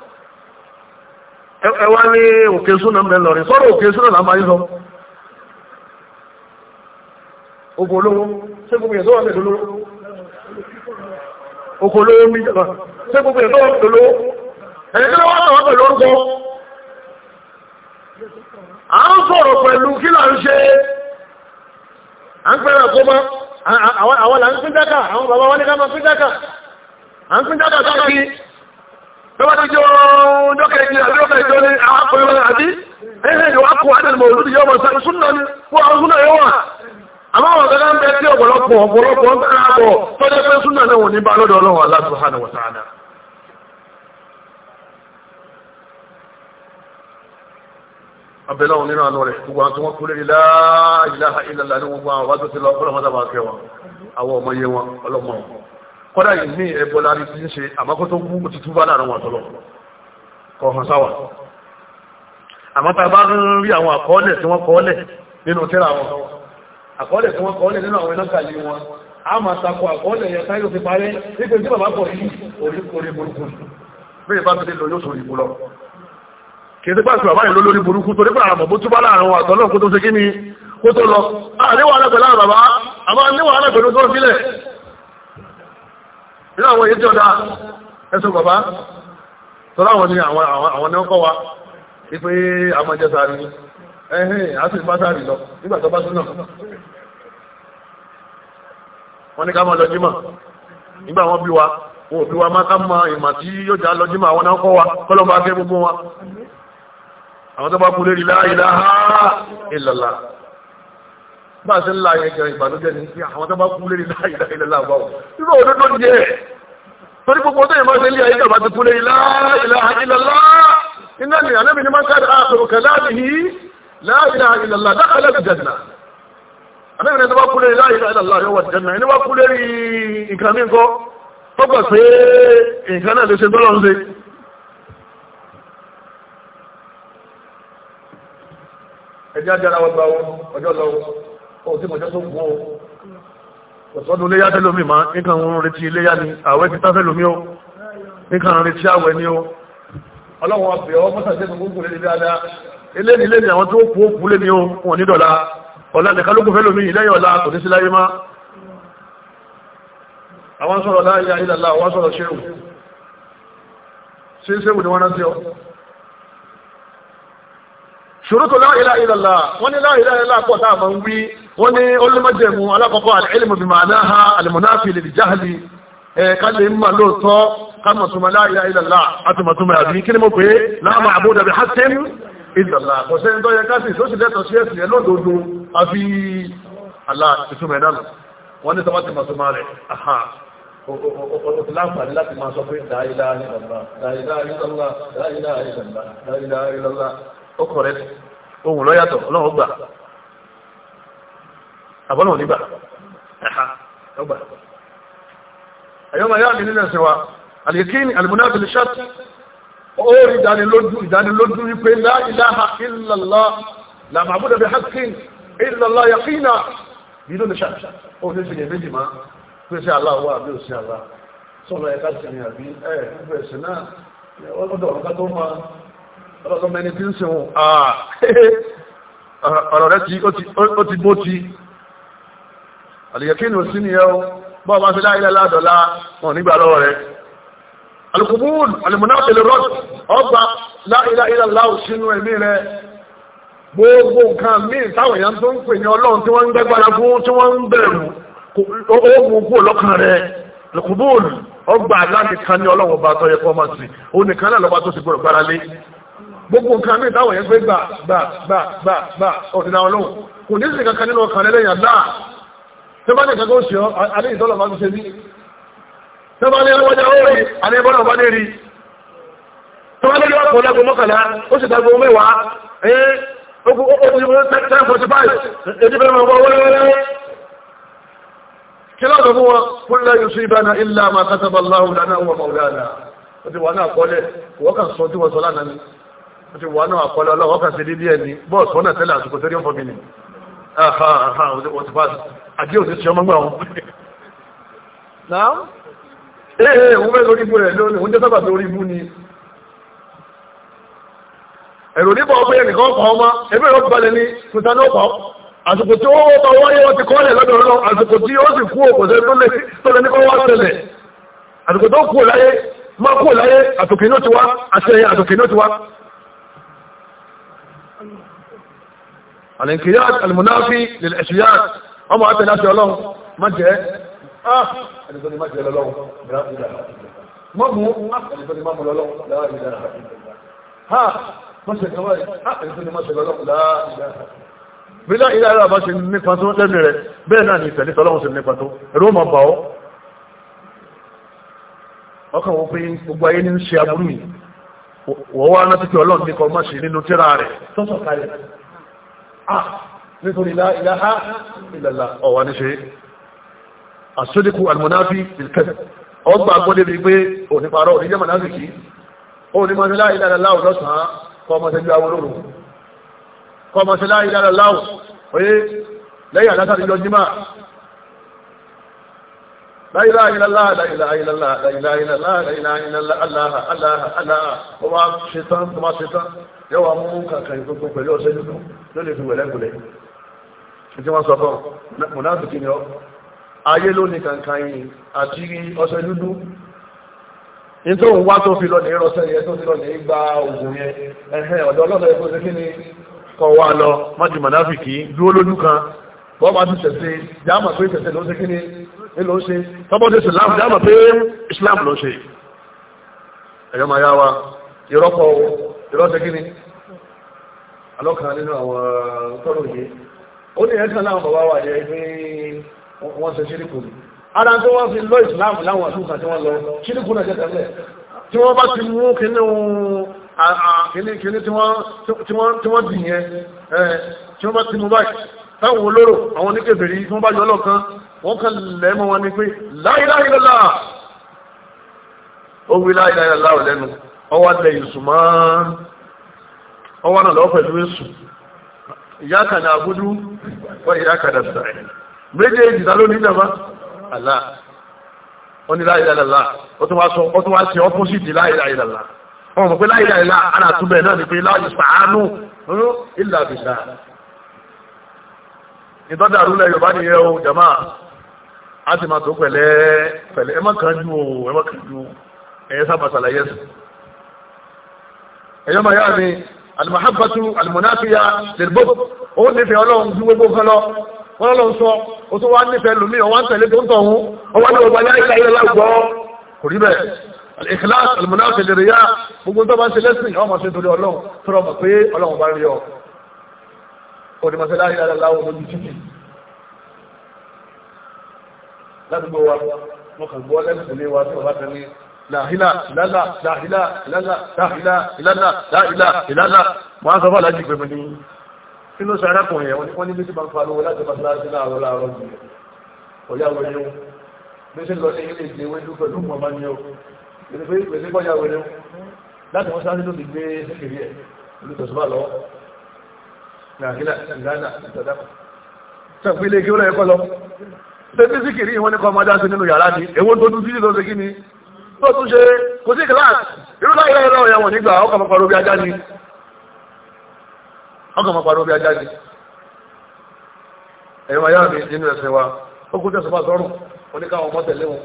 ẹ wá ní òkè súnà mẹ́lọ rẹ̀ sọ́rọ̀ òkè súnà làmà yìí sọ òkò olówó ṣé gbogbo ẹ̀ tó wà lẹ́dọ̀ olówó òkò olówó a jẹba ṣé gbogbo ẹ̀ tó wà lẹ́dọ̀ a ẹ̀yẹ́ tó wà lọ́wọ́ pẹ̀lú orúkọ à ń sọ̀rọ̀ pẹ̀lú kí là ń ṣe à ń pẹ̀rẹ̀ kó mọ́ àwọn là ń pín dákà àwọn bàbá wọn ní ká máa pín dákà à ń pín dákà káàkiri lọ́wọ́ tó jọ dọ́kẹ̀ẹ́jì àbíọ́kẹ̀ ìjọ ní àpòyọ́ àbí ẹ̀hẹ́ ìwà kò àdàlùmọ̀ olùdí yọ́ mọ̀ sáré súnà ní wọ́n àwọn súnà yóò rẹ̀ gbogbo àwọn tí wọ́n kú lórí la ilaha illallah ní gbogbo àwọn wájú ti lọ ọlọ́mọdé bá kẹwọn àwọn ọmọ yé wọn ọlọ́mọ kọ́dà yìí ní ẹ̀bọ̀ lárí ti ń ṣe àmọ́kọ́ tó kú ti túbá láàrin wọn tọ́lọ kọ̀ọ̀hàn sáwà àmọ́ta bá ń rí àwọn àkọọ́lẹ̀ tí wọ́n kọọ́lẹ̀ nínú tírà wọn àkọọ́lẹ̀ tí wọ́n kọọ́lẹ̀ nínú àwọn ẹlọ́kàlẹ̀ wọn a máa takọ àkọọ́lẹ̀ yẹn táyọ̀ ti parẹ́ nígbè tí bàbá pọ̀ yìí orí orí burúkú bẹ́ẹ̀ bá ti lọ ni kó tó lọ àríwá alágbẹ̀lá bàbá àmọ́ níwà alágbẹ̀lú nínú àwọn èyí tí ọ̀dá ẹ̀sùn bàbá tọ́lá àwọn ní àwọn ní ọkọ̀ wa wípé àmọ́jẹ́ sáré ẹ̀hìn àti ìbátàrí lọ nígbà bá náà wọ́n ní ká máa lọ nígbà wọ́n bí wa wọ́n bí wa máa ká mọ ìmọ̀ tí yóò já lọ àwọn bá a ṣe ń la yẹn gan ìbànújẹ́ ní sí àwọn tó bá kú lérí láàyè láàyè láàbá o irú òdodo ni ẹ torí gbogbo tó yẹ máa ṣe ń lé ayé ìjọba ti kú lérí láàyè láàyè lọ́lá iná ni ànábì ni máa ń káàdì àtòrò kẹláàbì yìí láàyè láàyè lọ́lá dákàlẹ́ ìjẹ̀nà ànábì ni tó bá kú lérí láàyè láàyè lọ́lá yóò jẹ̀nà ẹni bá kú lérí nǹkan mí nǹkan tó gbà pé nǹkan náà lè ṣe tọ́lọ́ ẹjá jára wọn gba ọjọ́ lọ́wọ́ ó sì mọ̀jọ́ tó gbọ́ ọ̀sọ́dún léyá tẹ́lómi máa nǹkan ń retí léyá ni àwẹ́ ti tán fẹ́lómi ó nǹkan retí àwẹ́ ni ó ọlọ́wọ́n ọbẹ̀ ọ mọ́sàtẹ́ gbogbo lè dáadáa ilé ni ilé ni àwọn tó kú òkú lé ni ó wọn ní dọ̀la ọ̀la nìkan ló kú fẹ́lómi ìlẹ́yìn ọ̀la kò ní sí láyé má àwọn sọ̀rọ̀ láyé ilẹ̀ àwọn sọ̀rọ̀ ṣéwù ṣéwù ni wọ́n rántí ọ ṣòrótò láìlá ìlàlá wọ́n ní láìlá ìlàlá pọ̀ tá a máa ń wí wọ́n ní olùmọ̀jẹ̀mú alákọ̀ọ́kọ́ àlẹ́lẹ́mù bí màá náà àlẹ́mùnáfi lè jáhàlì ká lè ń mà lóòótọ́ ká mọ̀ túnmọ̀ láìlá ìlàlá àti mọ̀ túnmọ̀ àbí láti máa sọ pé láìlá ìlàlá láìlá ìlàlá láìlá ìlàlá ó kọ̀rẹ́ ohun lọ́yàtọ̀ ọlọ́run gbà àbọ́lọ́run nígbà ẹ̀ha ọgbà àyọ́mọ̀ yáà mi nílẹ̀ sẹ́wà àlèkíní àlùmọ́nàbìlì ṣáàtì ó rí ìdánilójú ìdánilójú wípé la ilaha illa Allah la ma'buda bi haqqin illa Allah yaqina ìlú ní ṣáàtì ó ní ṣe méjì máa pé sí aláwọ̀ àbí òsì àlá sọ́nà ẹ̀ká sí máa ọlọ́sọmọ ẹni tí ń sìn wọn ah, ah, ọ̀rọ̀ rẹ̀ tí ó ti bó ti àlèyàkínú sí ni ẹ́ bọ́ bá fi láìlẹ́ ládọ̀lá wọn nígbà lọ́wọ́ rẹ̀ alùkùnbùn alìmùnáfẹ́lẹ̀ rọ́d ọgbà láìláìlá láò sínú ẹ̀mí rẹ̀ gbogbo nǹkan míì táwọn èèyàn tó ń pè ní ọlọ́run tí wọ́n ń gbẹ́gbára fún tí wọ́n ń gbogbo nǹkan mi táwọn yẹn fẹ́ gbà gbà gbà gbà gbà ọ̀dìnà ọlọ́run kò ní sí kankan nínú ọkàn lẹ́lẹ́yìn àdá tó kankan ó ṣe ọ́ alẹ́ ìtọ́lọ̀ ṣe ní tó bá ní ọwọ́jà bá dé rí tó ọkọ̀ ọlágun mọ́kànlá ó sì ó ti wà náà àkọlẹ̀ ọlọ́wọ́ kan sí dídí ẹni bọ́ọ̀sì wọ́n náà tẹ́lẹ̀ àsìkò tó rí ọ̀fọ̀ mi nì àdí òsì tí ọmọ gbà wọn. Ee òun fẹ́ lórí ibú rẹ̀ lónìí, òun jẹ́ sábà lórí ibú ni. Ẹ̀rù nípa ọgbẹ́ ẹnìkan pa ọmọ, ẹgbẹ́ ìwọ́n ti balẹ̀ ní Tuntun ló pa ọ́. Àsìkò tí ó pa wáyé wọ́n ti kọ́lẹ̀ lọ́dọ̀ lọ, àsìkò tí ó sì kú òkòṣẹ́ tó lẹ ní kọ́ wá tẹ̀lẹ̀. Àsìkò tó kú láyé, máa kú láyé, àtòkè ní ó ti wá, àṣẹ àtòkè ní ó ti wá. àlẹ́kìyàt àlùmọ́náfí lẹ́lẹ́ṣìyàt ọmọ àtẹ láti ọlọ́run má jẹ́ ah! ẹnìtọ́ni má jẹ́ lọ́lọ́run mọ́ mú ah! ẹnìtọ́ni má mú lọ́lọ́run ha mọ́ ṣe kọwàá ah! ẹnìtọ́ni má ṣe lọ́lọ́run láàrín bílá ilé ara bá ṣe nípa tó lẹ́nu rẹ̀ bẹ́ẹ̀ náà ni ìtẹ̀lé tọ́lọ́run ṣe nípa tó ẹ̀rọ ma bà ọ́ ọkàn wọ́n pé gbogbo ayé ní ṣe aburú yìí wọ́n wá náà títí ọlọ́run ní kọ́ má ṣe nínú tíra rẹ̀ tọ́sọ̀ kalẹ̀ Ah, nítorí láìláha ìlàlá ọ̀wà ní ṣe àṣíríkù almonafi ìkẹ́ ọgbà gbọ́dé bí pé oníparọ́ oníjẹ́ mọ̀náfíkì ó ní mọ́sí láìláìláwò lọ́sàn-án kọmọ̀sẹ̀ ju awolóró kọmọ̀sẹ̀ láìláìláwò oyé لا إله إلا الله لا إله إلا الله لا إله إلا الله لا إله إلا الله الله الله الله وما شيطان وما شيطان yóò wá mú kàkà ìgbógun pẹ̀lú ọ̀sẹ̀ nínú ló lè fi wẹ̀lẹ́ gùlẹ̀ tí wọ́n sọ fún mùnáfìkì ni ọ́ ayé ló ní kàkà yìí àti ọ̀sẹ̀ dúdú ní tó ń wá tó fi lọ ní ìrọ̀sẹ̀ yẹn tó fi lọ ní gba ògùn yẹn ẹ̀hẹ́ ọ̀dọ́ ọlọ́dọ̀ ẹ̀kọ́ ṣe kí nílò ń ṣe tọ́bọ́dé islam dáàmà pé islam ló ṣe ẹ̀yọ́ máa yá wa ìrọ́pọ̀ ìrọ́sẹ̀ gíní alọ́kàn nínú àwọn tọ́rọ yìí ó ní ẹ̀kan láwọn bàbá wà jẹ́ pé wọ́n ṣe ṣíríkù ara tó wọ́n fi lọ islam láwọn àtúnkà tí wọ́n lọ ṣíríkù náà jẹ́ tí wọ́n bá ti mú kínú kínú tí wọ́n dì yẹn tí wọ́n bá ti mú báyìí táwọn olóró àwọn oníkèbèrè tí wọ́n bá yọ lọ́kàn wọ́n kàn lẹ́mọ̀ wọn ni pé láìláìlọ́lá ó wí láìláìlọ́lá ò lẹ́nu ọwọ́ alẹ́ ìsùnmọ́ ọwọ́ náà lọ́wọ́ pẹ̀lú èsù ìyá kan àbúdú wọ́n ìyá kan àṣàrẹ̀ méjèèjì ta ló ní àlá ó ní láìláìlọ́lá ó tún wá sọ ó tún wá sí ọ́pọ́sìtì láìláìlọ́lá wọ́n mọ̀ pé láìláìlá ara àtúbẹ̀ náà ni pé láì sàánú ìlà bìlà ìtọ́jà rúlẹ̀ Yorùbá nìyẹn o jàmáà a ti máa tó pẹ̀lẹ́ pẹ̀lẹ́ ẹ má kánjú o ẹ má kánjú ẹ̀yẹ sábà sàlàyé sí ẹ̀yọ́ máa yá mi alimahabatu alimunafiya lèrìbó ó nífẹ̀ẹ́ ọlọ́run ju gbogbo kan lọ wọ́n lọ́n sọ ó tó wá nífẹ̀ẹ́ lómi ọwá ń tẹ̀lé tó ń tọ̀hún ọwá ní ọgbà yá ìka ilẹ̀ lágbọ́ kò rí bẹ́ẹ̀ al-ikhlas alimunafi lèrìyá gbogbo tó bá ń ládùúgbò wa mo kàn gbọ́ lẹ́gbẹ̀ẹ́ wa tí bàbá kan ní láhílà ìlànà láhílà ìlànà láhílà ìlànà láhílà ìlànà máa sọ fún aláàjì pẹ̀lú ní kí ló sọ arákùnrin yẹn wọ́n ní bí ti máa ń fa lówó láti bá síláàsì láàárọ̀ láàárọ̀ jù ọ̀yá wẹ̀rẹ̀ o bí ṣe lọ sí ilé ìgbé wẹ́dú pẹ̀lú mọ̀ máa ní o ìlú pé ìpèsè kọjá wẹ̀rẹ̀ o láti wọ́n sáré ló ti gbé sékèrè ẹ̀ ìlú tọ̀sùbà tẹ́tí síkìrí ìwọ́n ní kọ́ ọmọdé sí nínú yàrá ni èwo tó tún sí lọ sí kíni tó tún ṣe kò sí kíláàsì irú láyé láyé láwọn ẹ̀wọ̀n nígbà ọkọ̀ mọ̀ pàrọ̀ bí ajá ni ọkọ̀ mọ̀ pàrọ̀ bí ajá ni ẹ̀yọ́ ayá mi nínú ẹ̀sìn wa ó kú tẹ̀sán bá sọ́rùn oníkàwọn ọmọ tẹ̀lé wọn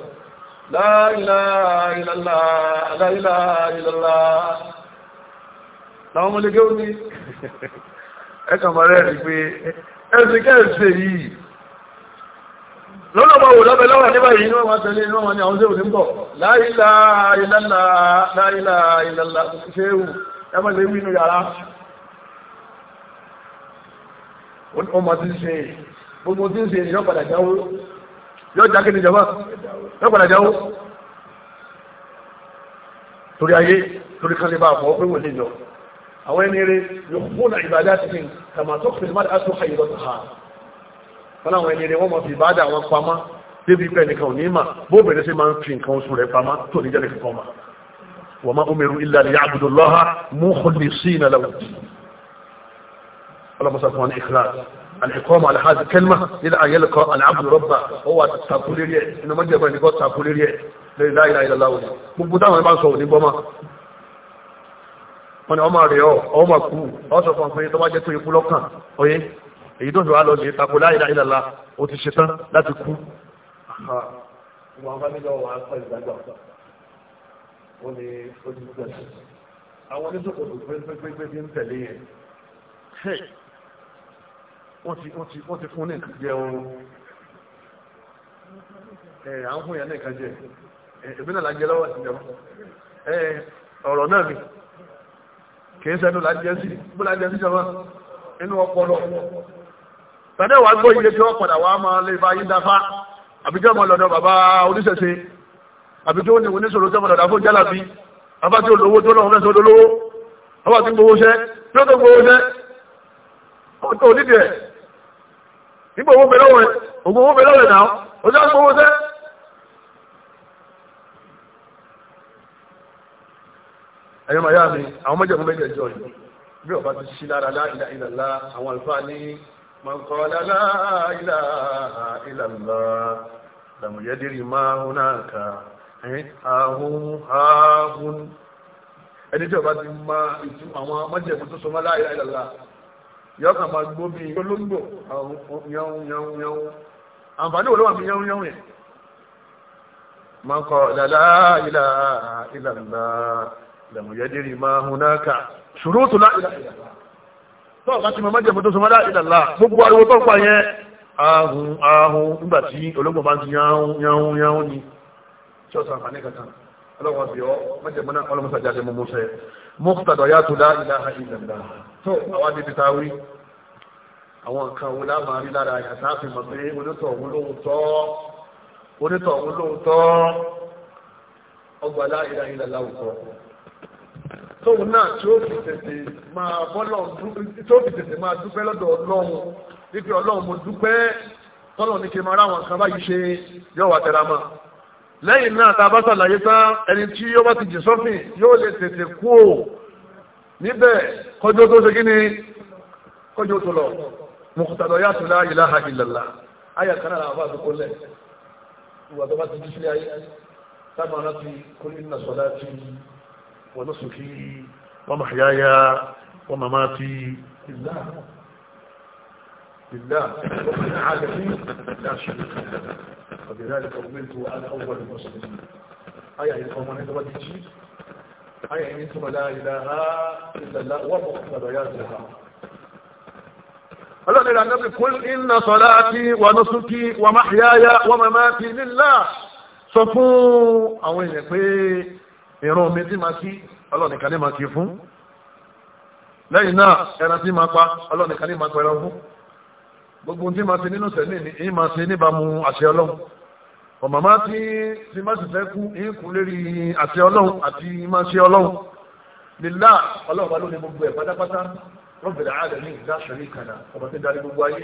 La ilaha illallah, la ilaha illallah. Láwọn ọmọ lè gẹ́ omi, ẹkà mọ̀ rẹ̀ rí pé ẹ̀sìn kẹ́ẹ̀sẹ̀ yìí lọ́nà ọmọ òwò lọ́bẹ̀ lọ́wọ́ ní báyìí wọ́n máa tẹ̀lé inú wọn ni àwọn ṣéwù ní bọ̀ láìlà ìlàlà láìlà ìlàlà ṣéwù ẹ má lè wí inú yàrá wọ́n máa ti ṣe gbogbo tí ń ṣe yọ padà jáwó yọ jákè ní jọba yọ padà jáwó torí ayé torí kan lè bá àfọwọ́ pé wò lè jọ àwọn ẹni rẹ yóò fún ìbàdí àti kí n kàmá tó fi má dá tó ṣàyẹ̀wò tó ha wọn làwọn ẹni rẹ wọn mọ̀ fi ìbáàdà wọn pamọ́ débi pẹ́ nìkan ò ní mà bó bẹ̀rẹ̀ sí máa ń fi nǹkan oṣù rẹ̀ pamọ́ tó ní jẹ́lẹ̀ kankan ma umiru illa liya'budullaha mukhlisina lahu ọlọ́mọsá fún wọn ní ikhlas الحكومة على هذه wọ́n ni ọmọ rẹ̀ ọ ọmọ kú ọ sọ fún ọkùnrin tó bá jẹ́ tó ikú lọ́kàn oyé èyí tó ń sọ̀rọ̀ lọ́dún ìtakò la ilaha illallah ó ti ṣetán láti kú. wọn bá nílò wà á pẹ́ ìgbàgbọ́ ó ní ojú gbẹ̀sì àwọn oníṣòkòtò pépépépé ti ń tẹ̀lé yẹn wọ́n ti fún ní nǹkan jẹ oorun à ń fún yẹn ní nǹkan jẹ èmi náà lájẹ lọ́wọ́ ìjọba ọ̀rọ̀ náà mi kì sẹ́nu lájẹ sí ìjọba inú ọpọlọ tàdé wàá gbọ́ iye tí wọ́n padà wàá máa lè fa yín dáfá àbíjọ́ ọmọ lọ́dọ̀ bàbá oníṣẹ̀ṣe àbíjọ́ òní oníṣòro tí ọmọ lọ́dọ̀ àfọ̀ jálàbí bàbá tí olówó tó lọ́wọ́ mẹ́sàn-án olówó bàbá tí gbowó ṣẹ́ tí ó tó gbowó ṣẹ́ ó tó nídìí ẹ̀ nígbà owó bẹ̀rẹ̀ wẹ̀ ògbó owó bẹ̀rẹ̀ wẹ̀ náà ó já gbowó ṣẹ́ ẹ̀yọ́ màyá mi àwọn mọ́jẹ̀mú méjèèjì ọ̀yọ́ bí ọba ti ṣí lára láìláìlá àwọn àlùfáà ní من قال لا إله إلا الله لم يدر ما هناك هاه هاه ẹni tí ọba ti máa ìtú àwọn májẹ̀mú tó sọmọ́ la ilaha illallah yọ kàn máa gbó bíi olóńgbò yẹun yẹun yẹun àǹfààní wo ló wà mí yẹun yẹun yẹn. من قال لا إله إلا الله لم يدر ما هناك شروط لا إله إلا tọ́ọ̀ bá ti mọ mọ́jẹ̀mọ́ tó sọmọ́lá ìlàlá gbogbo ariwo tó pa yẹn ahun ahun nígbà tí ológun bá ti yáhun yáhun yáhun ni ṣọ́ọ̀sì àǹfààní kankan ọlọ́wọ́n fi ọ́ mọ́jẹ̀mọ́ náà ọlọ́mọsá jáde mú mọ́sẹ̀ mọ́kútàdọ̀ yá tó dá ìlàhà ìlàlá tó àwọn adébí ta wí àwọn nǹkan wo láà máa rí lára yàtá fi mọ̀ pé onítọ̀ òun lóòótọ́ onítọ̀ òun lóòótọ́ tóun náà tí ó fi tètè máa bọ́lọ̀ tí ó fi tètè máa dúpẹ́ lọ́dọ̀ ọlọ́run wípé ọlọ́run mo dúpẹ́ tọ́lọ̀ ní kí n máa ráwọn kan báyìí ṣe yóò wá tẹra mọ́ lẹ́yìn náà tá a bá ṣàlàyé tán ẹni tí yóò bá ti jì sọ́fìn yóò lè tètè kú ò níbẹ̀ kọjọ́ tó ṣe kí ni kọjọ́ tó lọ mọ̀kútàlọ́ yàtọ̀ la ilaha illallah ayà kanáà làwọn àti lẹ̀ ìwà tó bá ti jí ayé sábà rántí kó nínú sọ̀dá ti ونسكي ومحياي ومماتي لله لله عادتي لا شريك له وبذلك أمرت وأنا أول المسلمين أي القوم أنت وديتي أي أنتم لا إله إلا الله ومقتضياتها الله لا النبي قل إن صلاتي ونسكي ومحياي ومماتي لله صفو أو àwọn ìran omi tí ma kí ọlọ́nìkan ní ma kí fún lẹ́yìn náà ẹran tí ma pa ọlọ́nìkan ní ma pẹ̀lọ fún gbogbo tí ma ṣe nínú sẹ́mì ní ìyí ma ṣe níbàmú àṣẹ ọlọ́run ọ̀màmá tí ti má sì fẹ́ kú ìyí kú lérí àṣẹ ọlọ́run àti má ṣe ọlọ́run lílá ọlọ́run bá lónìí gbogbo ẹ̀ pátápátá wọ́n ààrẹ ní ìdá ṣẹ̀rí kàdà ọ̀bọ̀ tí darí gbogbo ayé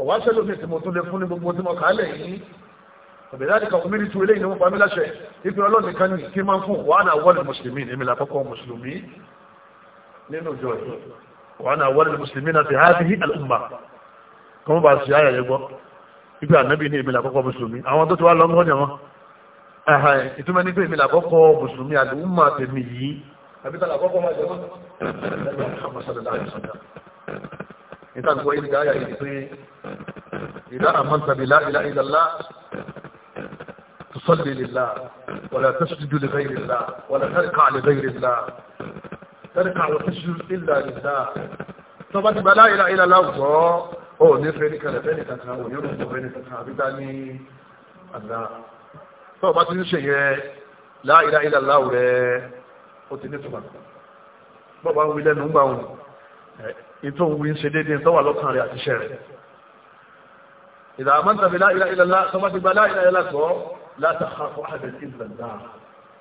ọ̀wá ṣẹlómi tí mo tún lè fún ní gbogbo tí mo kàálẹ̀ yìí ọ̀bẹ̀dáàdì kan omi nítorí eléyìí ni wọ́n pàmí láṣẹ ìpín ọlọ́run nìkan ní kí máa ń fún wàhánà wọ́ọ̀lì mùsùlùmí èmi làkọ́kọ́ mùsùlùmí nínú ìjọ ẹ̀ wàhánà wọ́ọ̀lì mùsùlùmí náà ti há sí àlùmà kọ́mọ́ bá sì áyà yẹ gbọ́ ibi ànábì ní èmi làkọ́kọ́ mùsùlùmí àwọn tó ti wá lọ mọ́ yẹn wọn ìtumọ̀ ní pé èmi làkọ́kọ́ mùsùlùmí àlùmà tèmi yìí àbíkà làkọ́kọ́ máa jẹ́ wọn ìtàgbọ́ ìdíkà ayà ìdí pé ìdá àmọ́ntàbí láìláìlá تصلي لله ولا تسجد لغير الله ولا تركع لغير الله تركع وتسجد إلا لله طبعا لا إله إلا الله ó ní fẹ́ni kalẹ̀ fẹ́ni kankan ò ní rúgbò fẹ́ni kankan àbídá ní àdá tó bá ti ń ṣe yẹ la ilaha illallah rẹ̀ ó ti ní túnmà bọ́bá ń wí lẹ́nu ń gbà wọn ìtò ń wí ń ṣe déédéé tó wà lọ́kàn rẹ̀ àti iṣẹ́ rẹ̀ إذا آمنت بلا إله إلا الله ثم تبقى لا إله إلا الله لا تخاف أحدا إلا الله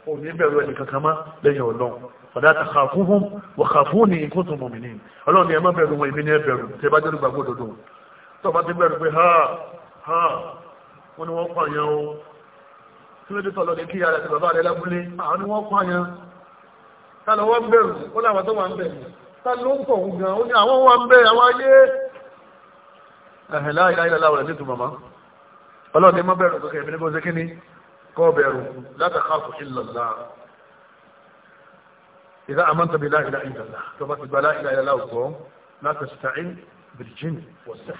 oníbẹ̀rù ẹnìkan kan má lẹ́yìn ọlọ́run ọ̀dá tàkà fún fún wọ̀kà fún ní ikú tó mọ̀mí ní ọlọ́run ni ẹ má bẹ̀rù wọn ìbí ní ẹbẹ̀rù tẹ bá jẹ́rù gbàgbọ́ òdodo tó bá ti bẹ̀rù pé ha ha wọ́n ní wọ́n pààyàn o tí ló dé tọ̀lọ́ ní kí ara ti bàbá rẹ lábúlé àwọn ni wọ́n pààyàn ta ló wọ́n bẹ̀rù ó láwọn tó wà ń bẹ̀rù ta ló ń pọ̀ gan ó ní àwọn wà ń bẹ̀ àwọn ayé ẹ̀hìn láàyè láyé láwọ̀ rẹ̀ nítorí màmá ọlọ́ọ̀ni má bẹ̀rù kankan ìbí níbo ṣe kí ni kọ́ bẹ̀rù látàkàkù ìlàlá ìdá àmọ́ntàbí láìlá ìlàlá tó bá ti gba láìlá ìlàlá òkọ́ láti ṣàtàín virgin wọ̀sẹ̀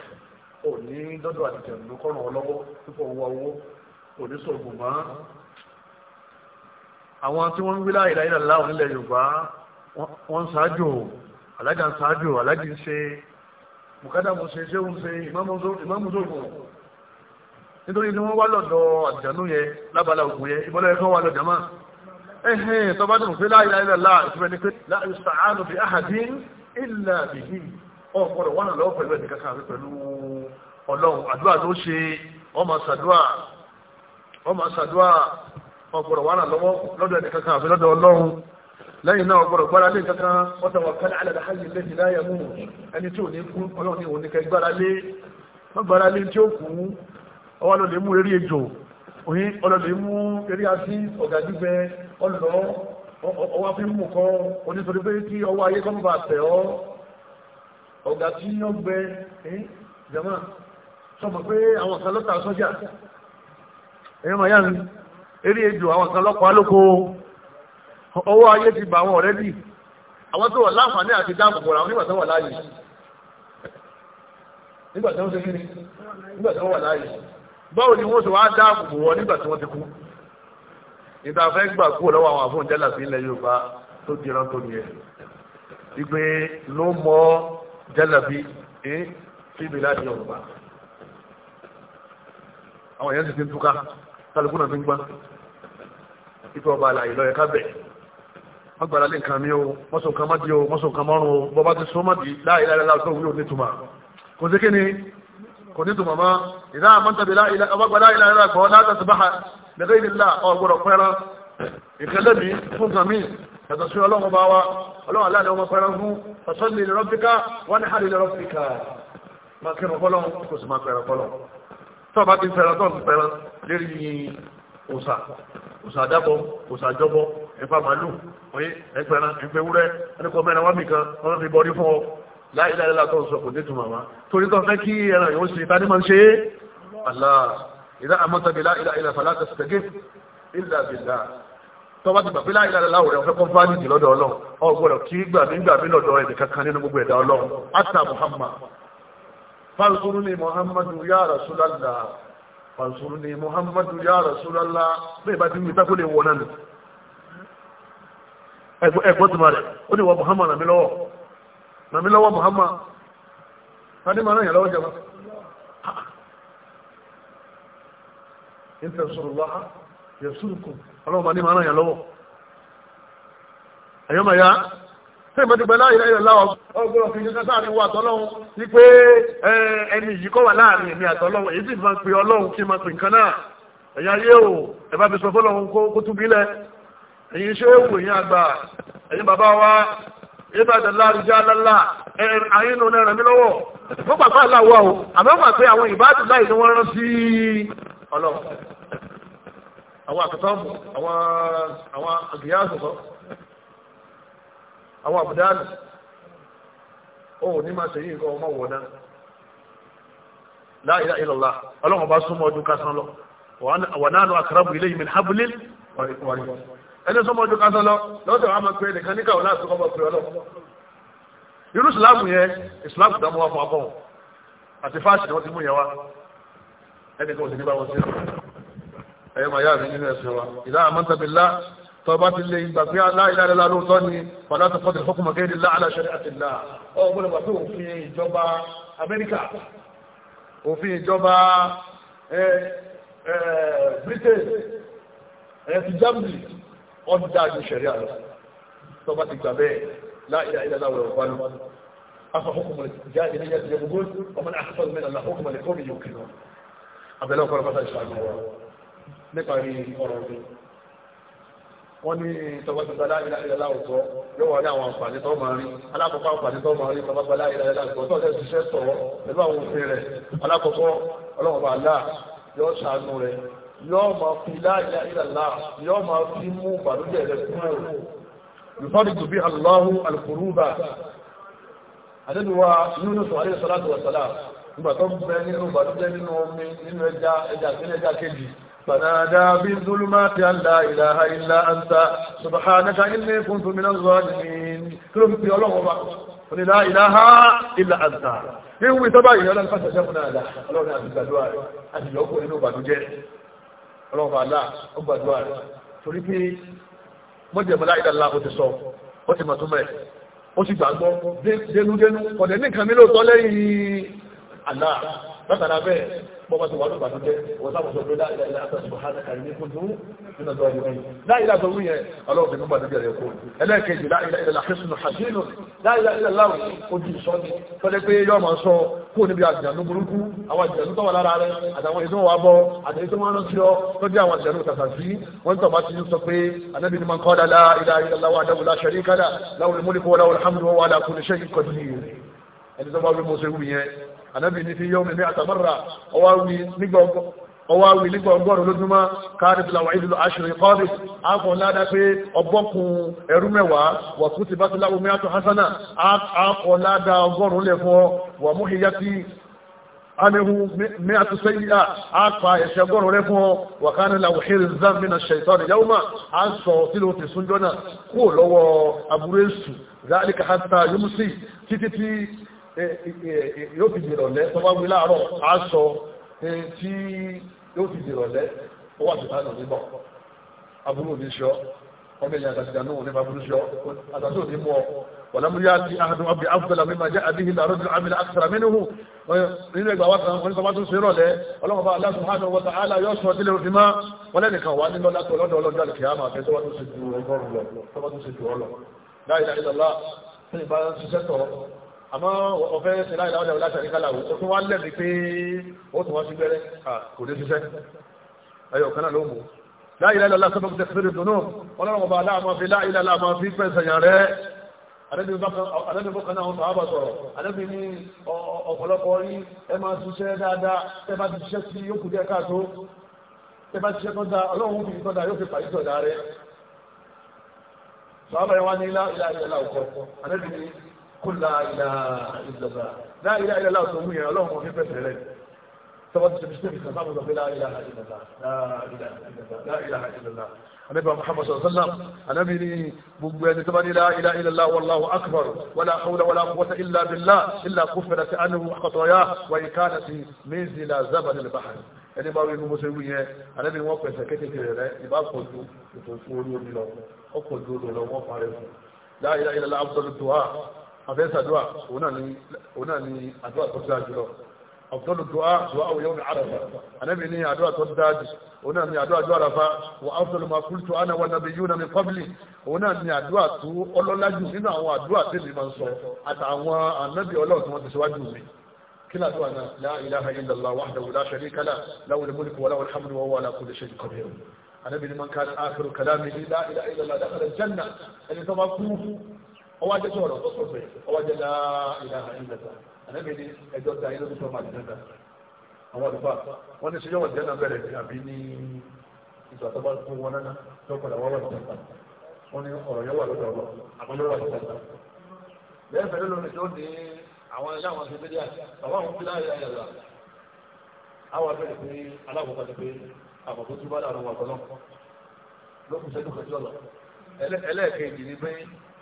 ò ní dọ́dọ̀ àtìjẹ̀nu kọ́rùn ọlọ́wọ́ púpọ̀ owó owó ò ní sọ̀rọ̀ mọ́ àwọn tí wọ́n ń wí láìlá ìlàlá Yorùbá wọ́n ń ṣáájò alájà ń ń ṣe bùkátà mo ṣe ṣé òun ṣe ìmáàmù sóògùn nítorí ni wọ́n wá lọ́dọ̀ àjànú yẹn lábala ògùn yẹn ìbọ́lá ẹ̀kọ́ wà lọ́dọ̀ máa ẹ̀hìn tọba tó fi láìlá ilẹ̀ láà ìfẹ́ ni pé láì sàánù bí àhàdí ìlà bìí ọ̀pọ̀lọ̀ wọ́n lọ pẹ̀lú ẹ̀dì kankan àfi pẹ̀lú ọlọ́run àdúrà ló ṣe ọmọ sàdúà ọmọ sàdúà ọ̀pọ̀lọ̀ wọ́n lọ́wọ́ lọ́dọ̀ ẹ̀dì kankan àfi lọ́dọ̀ ọlọ́run lẹ́yìn náà ọgbọ̀rọ̀ gbára lé kankan watawakkal ala al-hayy alladhi la yamut ẹni tí ò ní kú ọlọ́run ní òní kẹ gbára lé wọ́n gbára lé tí ó kú ọwọ́ lọ lè mú eré ejò òyìn ọlọ́ lè mú eré así ọ̀gá gbígbẹ ọlọ́ ọwọ́ fi mú kọ́ onítorí pé kí ọwọ́ ayé kọ́ bá tẹ̀ ọ́ ọ̀gá tí ó gbẹ jama sọmọ pé àwọn kan lọ́ta sọ́jà ẹ̀yọ́ ọwọ́ ayé ti bà wọn ọ̀rẹ́ bí àwọn tó wà láǹfààní àti dáàbò bọ̀rọ̀ àwọn nígbà tó wà láàyè nígbà tó ń ṣe kíni nígbà tó wà láàyè báwo ni wọ́n ti wá dáàbò bò wọn nígbà tí wọ́n ti kú ìta fẹ́ gbà kúrò lọ́wọ́ àwọn àfóúnjẹ́là sí ilẹ̀ Yorùbá tó di ẹran tó nìyẹn ìgbé ló mọ jẹ́lẹ̀bí ẹ́ síbi láti Yorùbá àwọn èèyàn ti ti ń túká kálukú náà ti ń gbá ìtọ́ ọba àlàyé lọ́yẹ kábẹ̀ẹ́ agbára lè kàn mí o mọ́sùn kan má di o mọ́sùn kan mọ́rùn o bọ́ bá ti sún mọ́ di láìláìlá láàtọ̀ wúlò nítumà kò sí kíni kò nítumà má ìdá àmọ́ntàbí ọgbà láìláìlá gbọ́ látàtì báha lẹ́gbẹ́ ìdílá ọgbọ̀rọ̀ pẹ́ran ìkẹlẹ́mí fún kàmí yàtọ̀ sí ọlọ́run bá wa ọlọ́run aláàdẹ ọmọ pẹ́ran fún fasọ́lì lọ́píkà wọ́n ní hàlì lọ́píkà máa kẹrọ fọ́lọ́ kò sì máa pẹ̀rọ fọ́lọ́ tó bá ti fẹ́ràn tó ń pẹ̀ràn lérí òsà ẹ̀fà màálù oye ẹgbẹ̀rún ẹgbẹ̀ wúrẹ́ ẹnìkan mẹ́rin wá mìkan ọlọ́run ti bọ́dí fún ọ láìláì látọ̀ sọ kò dé tuma wa torí tó fẹ́ kí ẹran yóò ṣe ta ní máa ń ṣe é Allah ìdá àmọ́tàbílá ìlà ìlà fàlá tẹ̀sítẹ́gẹ́ ìlà bìlà tọ́wọ́ ti gbàgbé láyé lára láwùrẹ́ ọ̀fẹ́ kọ́ńfáàlì lọ́dọ̀ ọlọ́run ọ gbọ́dọ̀ kí gbàmí gbàmí lọ́dọ̀ ẹ̀dẹ̀ kankan nínú gbogbo ẹ̀dá ọlọ́run ata muhammad fansuru ni muhammadu ya rasulallah fansuru ni muhammadu ya rasulallah bẹ́ẹ̀ bá ti wí sákòlè wọ náà ẹ̀gbọ́n tó ma rẹ̀ ó ní wọ Muhammad ràn mí lọ́wọ́ ràn mí lọ́wọ́ Muhammad tani ma ràn yàn lọ́wọ́ jẹba in tansurullaha yansurkum ọlọ́wọ́ ma ní ma ràn yàn lọ́wọ́ ẹ̀yọ́ ma ya sẹ́yìn bá ti gbẹ láàyè láyè láwọ ọgbọ́n fi kankan sáà ní wọ àtọ́lọ́hún ní pé ẹni yìí kọ́ wà láàrin èmi àtọ́lọ́hún èyí sì máa ń pe ọlọ́hún kí n máa pè nǹkan náà ẹ̀yà ayé o ẹ̀ bá fi sọ fọlọ́hún kó tún bílẹ̀ ẹ̀yin ṣe é wù yín àgbà ẹ̀yin bàbá wa ìbàdàlá àrùjá lálá ẹ̀yìn lónà ẹ̀rẹ̀ mi lọ́wọ́ fún pàpá aláwọ̀ o àmọ́fà pé àwọn ìbádùlá ìlú wọn rán sí ọlọ́run àwọn àkàtọ́mù àwọn àgbìyànsọ̀tọ́ àwọn àbùdánù ó ní máa ṣe yìí ọmọ wọ̀dá la ilaha illallah ọlọ́run bá súnmọ́ ọdún kásán lọ wà náà nù akrabu ilayhi min hablil wà rí ẹni sọmọ ojú kan sọlọ lọ́dọ̀ wa máa pe nìkan níkà òun láti kọ́mọ pè ọlọ́ irú ìsìláàmù yẹn ìsìláàmù tó mú wa fún abọ́ wọn àti fáṣì ni wọ́n ti mú yẹn wá ẹni kan ò sì ní bá wọn sí ẹ̀yọ́ màá yá mi nínú ẹ̀sìn wa ìlà àmọ́ntàbílá tọba ti lè ìgbà pé aláìláìlá lóòótọ́ ni padà tó fọ́tẹ̀ fọ́kùnmọ̀ gẹ́rẹ́ láàlá ṣẹlẹ̀ àtìlá ọgbọ́n bàbá òfin ìjọba Amẹ́ríkà òfin ìjọba Britain ẹ̀ẹ́dì Germany wọ́n dá ju ṣẹ̀rí àlọ́ tó bá ti gbà bẹ́ẹ̀ láìlà ìlàlá wọ̀ ọ̀gbá lọ afa hukumu ja ìdíyà ti yẹgbogbo ọmọ náà àkọ́kọ́ mẹ́ta la hukumu lè kọ́mi yóò kìlọ̀ abẹ́lẹ́ ọkọ̀ lọ́pàá ṣe àgbà wa nípa rí ọ̀rọ̀ mi wọ́n ní tọ́gbàtọ́gbà láìlà ìlàlá ọ̀tọ́ yóò wà ní àwọn àǹfààní tó máa rí alákọ̀ọ́kọ́ àǹfààní tó máa rí tọ́gbàtọ́gbà láìlà ìlàlá ọ̀tọ́ tó yóò máa fi láàyè ìlàlá yóò máa fi mú ìbàlújẹ́ rẹ̀ fún ẹ̀rọ yùfọ́dìkù bí aláhù alkùrúbà adébíwá Yunus alayhi salatu wa salam nígbà tó bẹ nínú ìbàlújẹ́ nínú omi nínú ẹja ẹja sí ẹja kejì فنادى بالظلمات أن لا إله إلا أنت سبحانك إني كنت من الظالمين كلهم في الله wọ́n ni láìláha ilẹ̀ àǹtà ní wí tọ́bá ìyọ́lá ń fásitì ẹ̀kùn náà lọ́nà àti ìgbàdúrà àti ìyọ́kùn nínú ìbàdújẹ́ ọlọ́run bá aláà ó gbàdúrà rẹ̀ torí pé mọ́jẹ̀mọ́lá ìdàlá ó ti sọ ó ti mọ̀ tó mẹ́ ó ti gbàgbọ́ dénúdénú kọ̀dẹ̀ nìkan mi lóòótọ́ lẹ́yìn aláà látara bẹ́ẹ̀ bọ́bá ti wà ló bàtújẹ́ wọ́n sábà sọ pé láìláì láta sọ ha nàkàrí ní kó dúró nínú ọjọ́ ìwé yìí láìláì tó wúyẹn ọlọ́run ti mú bàtújẹ́ rẹ̀ kó ẹlẹ́ẹ̀kejì láìláì láta sọ hàṣínú láìláì láwọn ojú ìsọ́ni tọ́lẹ́ pé yọ́ máa sọ kó níbi àjànú burúkú àwọn àjànú tó wà lára rẹ̀ àtàwọn èso wa bọ́ àtàwọn èso wọn rántí ọ tó jẹ́ àwọn àjànú tàtà sí wọ́n tọ̀ bá ti sọ pé anábì ni man qala la ilaha illallah wahdahu la sharika lahu lahul mulku wa lahul hamdu wa huwa ala kulli shay'in qadir ẹni tó bá wí mo ṣe wù yẹn ànábì ní fi yọ́mi ní àtàmọ́ra ọwá wí nígbà ọgọ́rùn lójúmọ́ káàdì fìlàwà ìdílò aṣìrì kọ́dì ápọ̀ ládá pé ọgbọ́kùn ẹrú mẹ́wàá wà tún ti bá ti láwọ́ mẹ́àtọ̀ hasana ápọ̀ ládá ọgọ́rùn lè fún wà mú hìyà tí amihu mẹ́àtọ̀ sẹ́yìnà ápa ẹ̀ṣẹ̀ ọgọ́rùn rẹ fún wà káàdì láwọ́ hìrì yóò fi dìrọ̀lẹ́ tó bá wí láàárọ̀ aṣọ tí yóò fi dìrọ̀lẹ́ ó wà sí tánà níbọ̀ aburú ní ṣọ́ ọmọ èèyàn àtàtìjà náà ní aburú ṣọ́ àtàtì òní mú ọ wàlámúyá ti ahadùn abdi afdala mímọ jẹ abihi làrọ ju amílà akitara mínú nínú ìgbà wa kan oníṣọba tún ṣe rọ̀lẹ́ ọlọ́mọba aláṣọ hánà wọta àlà yóò sọ sílẹ̀ òfin máa wọn lẹ́nìkan wà nínú ọlá tó lọ́dọ̀ ọlọ́jọ́ àlùkìyàmà àfẹ́sọ́wọ́ tó ṣe ju ọgọ́rùn lọ tọ́wọ́ tó ju ọ lọ tí ìbá ṣiṣẹ́ tọ̀ àmọ́ ọ̀fẹ́ ṣe láìláwọ́ ìdáwọ́ láti àríkálà ó tún wá lẹ́bi pé ó tún wá sí gbẹ́rẹ́ kò ní ṣiṣẹ́ ẹyọ kan náà ló mú láìláìlá lásán bó tẹ̀ fẹ́rẹ̀ dùnú ọlọ́run ọba aláàmọ́ fi láìláìlá máa fi pẹ̀sẹ̀ yàn rẹ̀ àdẹ́bìnbó kan náà sàábà sọ̀rọ̀ àdẹ́bì ní ọ̀pọ̀lọpọ̀ rí ẹ máa ṣiṣẹ́ dáadáa tẹ́ bá ti ṣiṣẹ́ sí yóò kù díẹ̀ káàtó tẹ́ bá ti ṣiṣẹ́ tọ́da ọlọ́run fi tọ́da yóò fi pàdé tọ́da rẹ̀ sàábà yẹn wá ní ilá ìlà ìlà òkọ̀ àdẹ́bì ní kó láìlà ìlọ́gbà láìlà ìlọ́gbà tó mú yẹn ọlọ́run ní pẹ̀sẹ̀ rẹ̀ tọ́wọ́ ti ṣe bí sọ́kà mọ̀ pé láìlà ìlọ́gbà láìlà ìlọ́gbà anabi muhammad sallallahu alaihi wasallam anabi ni gbogbo ẹni tó bá ní láìlà ìlọ́gbà wàláhu akbar wàlá hawla wàlá quwwata illa billah illa kufira ti anahu ẹni bá wí gbogbo sẹ́wú yẹn anabi wọn pẹ̀sẹ̀ kékeré rẹ̀ ìbá kọjú ètò ìfowórí lọ ọkọ̀ ojú odò wọn parẹ́ fún láìlà ìlọ́gbà abdul duha afẹ́ sàdúrà òun náà ni àdúrà tó dáa jùlọ ọ̀pọ̀lọpọ̀ dùá dùá òye òun àràfà anábì ní àdúrà tó dáa jù òun náà ni àdúrà tó àràfà wà áfẹ́lú ma kúlù tó ánà wà nàbí yóò nàmi pọ́bìlì òun náà ni àdúrà tó ọlọ́lá jù nínú àwọn àdúrà tí mi máa ń sọ àtàwọn anábì ọlọ́run ti síwájú mi كلا دعنا لا إله إلا الله وحده لا شريك له له الملك وله الحمد وهو كل شيء قدير أنا من من كان آخر كلامه لا إله إلا الله دخل الجنة أن تبقوه ọwọ́ ajẹ́ sọ̀rọ̀ tó sọ̀rọ̀ ọwọ́ ajẹ́ láàrín ìlànà ànábìíní ẹjọ́ ta ilé tó sọ̀rọ̀ àdìjẹ́ta àwọn àdúgbà wọ́n ní sọ́jọ́ wọ̀dẹ́ náà bẹ̀rẹ̀ àbí ní ìgbà tó bá tó wọn náà tó padà wọ́n wà ní ìjọba wọ́n ní ọ̀rọ̀ yẹn wà lọ́dọ̀ ọ̀rọ̀ àmọ́ ló wà ní ìjọba bẹ́ẹ̀ fẹ́rẹ́ lónìí tó ní àwọn ẹ̀yà àwọn ṣe méjì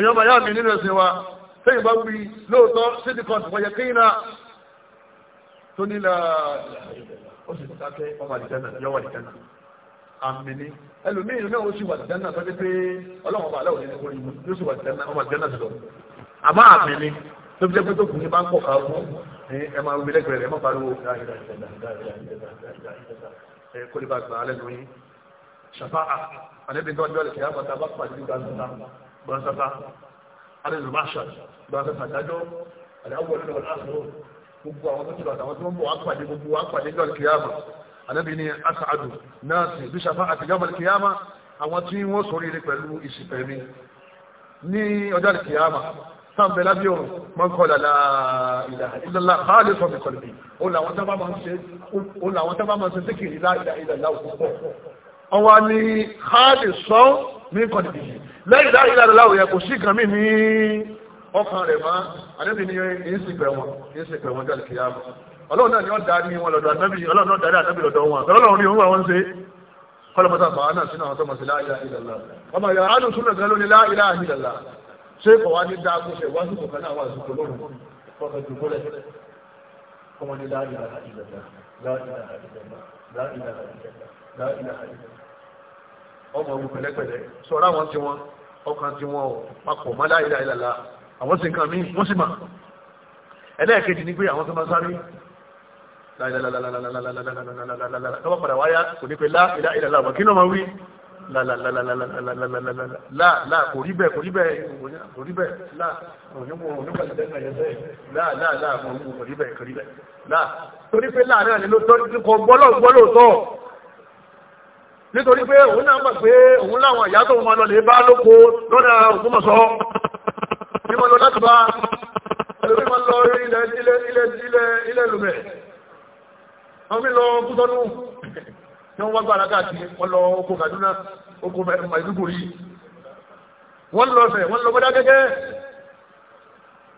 ẹ̀yọ́ bàyá mi nínú ẹ̀sìn wa sẹ́yìn bá wí lóòótọ́ sídìí kan tìwọ́ yẹ kéyìnà tó nílà ó sì dákẹ́ ọmọ àdìjánà yọwọ́ àdìjánà àmì ni ẹlòmíì náà ó sì wà àdìjánà tọ́jú pé ọlọ́run bàálẹ̀ òní kò ní yóò sì wà àdìjánà ọmọ àdìjánà sì lọ àmọ́ àmì ni tó fi jẹ́ pé tó kù ní bá ń pọ̀ ká fún ẹ máa wí lẹ́gbẹ̀rẹ̀ gbọ́nsátá arìnrìn marshal gbọ́nsátá dájọ́ aláwọ̀ nínú aláàfin gbogbo àwọn tó ti lọ àtàwọn tí wọ́n bọ̀ wá pàdé gbogbo wá pàdé jọ kìyàmà anábì ní asaadu nọ́ọ̀sì bíṣàfà àti jọmọ kìyàmà àwọn tí wọ́n sọ rere pẹ̀lú ìsìnkẹ́ mi ní ọjọ́ kìyàmà sáàbẹ̀ lábí ọ̀rọ̀ mọ́kànlá ìlàlá báàlẹ̀ sọ mẹ́kànlá bí o làwọn tábà máa ń ṣe síkìrì láìláìlá òkúpọ̀ ọwá ni káàdì sọ ní kọ̀dìdì lẹ́yìn láyé lára láwò yẹ kò sí kan mí ní ọkàn rẹ̀ mọ́ àdébì ní ìsìnkẹ̀ wọn ìsìnkẹ̀ wọn jáde kìyà mọ́ ọlọ́run náà ni wọ́n darí wọn lọ́dọ̀ ànábì ọlọ́run náà darí àwọn tó ọmọ ogun pẹ̀lẹ́pẹ̀lẹ́ sọ̀rọ̀ àwọn tí wọ́n ọkàn tí wọ́n papọ̀ mọ́ láìlà ìlàlà àwọn sì nǹkan míì wọ́n sì mà ẹlẹ́ẹ̀kejì ni pé àwọn tó máa sáré tọ́wọ́ padà wáyá kò ní pé láìlà ìlàlà ọ̀bọ̀ kí náà máa wí láàlá kò rí bẹ́ẹ̀ kò rí bẹ́ẹ̀ kò rí bẹ́ẹ̀ láà òyìnbó òyìnbó nítorí pé òun náà mọ̀ pé òun láwọn ìyá tó wọn lọ lè bá lóko lọ́dà ògbómọ̀ṣọ́ ní wọn lọ láti bá ẹlòmí wọn lọ ilẹ̀ ilẹ̀ ilẹ̀ ilẹ̀ ilẹ̀ lùmẹ̀ wọn fi lọ kútọ́nù tí wọ́n wá gbára káàkiri wọn lọ oko Kaduna oko Maiduguri wọn lọ fẹ̀ wọn lọ Mọdákẹ́kẹ́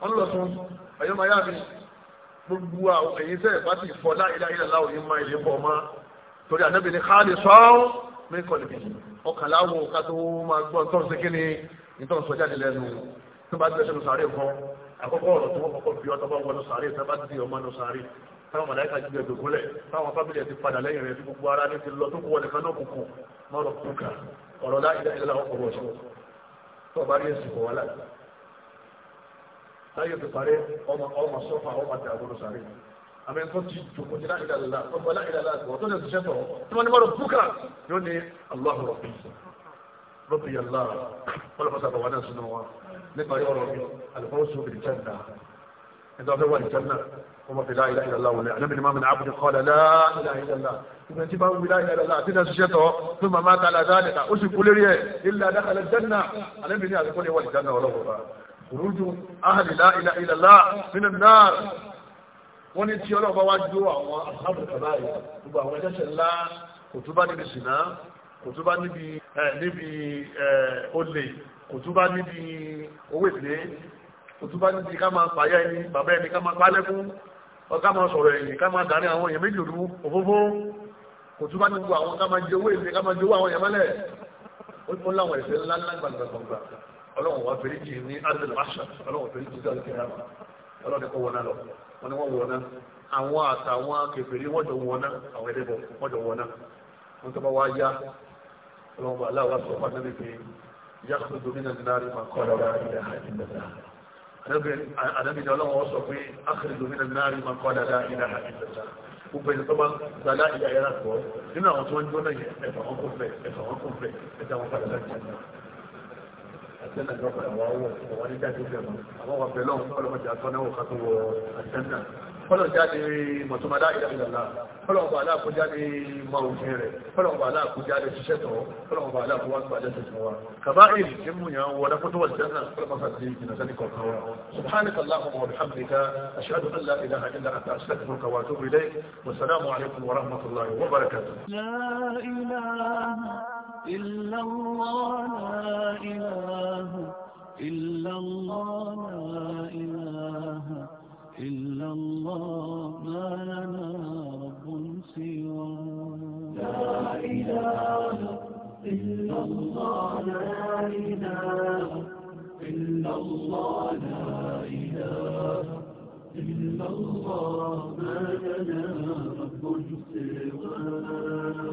wọn lọ sun ayọ́mayá mi gbogbo àwọn èyí sẹ́ẹ̀ bá ti fọ́ láìláìlá òní máa ilé pọ̀ máa torí ànábì ní káàdì sọ́ọ́ mi kọ́ níbi ọkàn láwọn òkà tó máa gbọ́ nítorí sí kíni nítorí sọ jáde lẹ́nu tó bá gbé sínú sàárè kan àkọ́kọ́ ọ̀rọ̀ tó wọ́n kọ́kọ́ bí ọtọ́ bá wọnú sàárè tó bá di ọmọ nù sàárè táwọn màláìka ju ẹ̀dùn gúnlẹ̀ táwọn fábílì ẹ̀ ti padà lẹ́yìn rẹ̀ tí gbogbo ara ní ti lọ tó kú wọlé kan náà kùkù mọ́rọ̀ kúkà ọ̀rọ̀ láìlá ìlà ọkọ̀ wọ̀ tó bá rí èsì kọ̀ wá láyé ti parẹ́ ọmọ sọ́fà ọmọ àti àgbọ̀dọ̀ àmì tó ti jòkó ní láìlá àlá ọgbà láìlá àlá àgbà tó lè ṣiṣẹ́ tọ̀ tí wọ́n ní mọ́rọ̀ búkà yóò ní aláhùn rọ̀bì rọ̀bì yàlá ọlọ́pàá bàbá náà sínú wa nípa yọ̀ rọ̀bì alùpàá sọ bìrì jẹ́nà ẹ̀dọ́ fẹ́ wà ní jẹ́nà wọ́n máa fi láìlá àlá wọlé àlẹ́bí ni máa mìíràn àbújá kọ́ ìgbà tí bá ń wílá ìlà ìlà àti náà ṣiṣẹ́ tọ́ tó máa máa tala dáadẹ́ta ó sì kú lérí ẹ̀ ilẹ̀ adákalẹ̀ jẹ́nà alẹ́bí ni àti kọ́ni wà ní jẹ́nà ọlọ́wọ́ bá. Rúdú, áhàlì láìlá ìlà láà nínú náà wọ́n ní tí ọlọ́ọ̀bá wá jó àwọn àbùkù báyìí gbogbo àwọn ẹ̀ṣẹ̀ṣẹ̀ ńlá kò tún bá níbi ṣìnà kò tún bá níbi níbi olè kò tún bá níbi owó ìdílé kò tún bá níbi ká máa pààyà ẹni bàbá ẹni ká máa pálẹ́ fún ká máa sọ̀rọ̀ ẹ̀yìn ká máa dàrí àwọn èèyàn méjì òdu òfófó kò tún bá níbi àwọn ká máa jẹ owó ìdílé ká máa jẹ owó àwọn èèyàn mọ́lẹ̀ ó tún láwọn ẹ̀ṣẹ̀ ńlá ńlá gbàgbàgbà ọlọ́run wà fèrè jì ní adìrẹ̀ máṣà ọlọ́run fèrè jì ọlọ́dẹ kọ́ wọná lọ wọn ni wọ́n wọná àwọn àtàwọn kèfèrí wọ́n jọ wọná àwọn ẹlẹ́bọ̀ wọ́n jọ wọná wọn tó bá wá yá ọlọ́wọ́n bá aláwọ̀ sọ fún anábì pé yá kó domi náà ní láàrin máa kọ́ lára ilẹ̀ àìlẹ́dà anábì ni ọlọ́wọ́n sọ pé ákèrè domi náà ní láàrin máa kọ́ lára ilẹ̀ àìlẹ́dà gbogbo ẹni tó bá gbàlá ìyá ẹ̀rá kọ́ nínú àwọn tó ń jóná yẹn ẹ̀fà wọn kò fẹ́ ẹ̀fà wọn kò fẹ́ ẹ̀dá wọn padà láti ṣe àtẹ́nà lọ́kọ̀ àwọn ọwọ́ àwọn oníjáde bẹ̀rù àwọn ọ̀bẹ̀ lọ́wọ́ ọlọ́mọdé àtọ́náwó ká tó wọ àtẹ́nà fọ́lọ̀ jáde mọ̀tọ́mọ́lá ìdàmìlàlá fọ́lọ̀ ọba aláàkó jáde mọ òfin rẹ̀ fọ́lọ̀ ọba aláàkó jáde ṣiṣẹ́ tọ́ fọ́lọ̀ ọba aláàkó wá gbàjẹ́ tuntun wa kàbá èrì tí mú yàn wọ́n lọ́pọ̀ tó wà jẹ́ náà fọ́lọ̀ mọ́sá sí ìjìnà sẹ́ni kọ̀ọ̀kan wa subhanaka allahumma wa bihamdika ashhadu an la ilaha illa anta astaghfiruka wa atubu ilayk wa assalamu alaykum wa rahmatullahi wa barakatuh la ilaha illa allah la ilaha illa allah la ilaha إلا الله ما لنا رب سوى لا إله إلا الله لا إله إلا الله لا إله إلا الله ما لنا رب سوى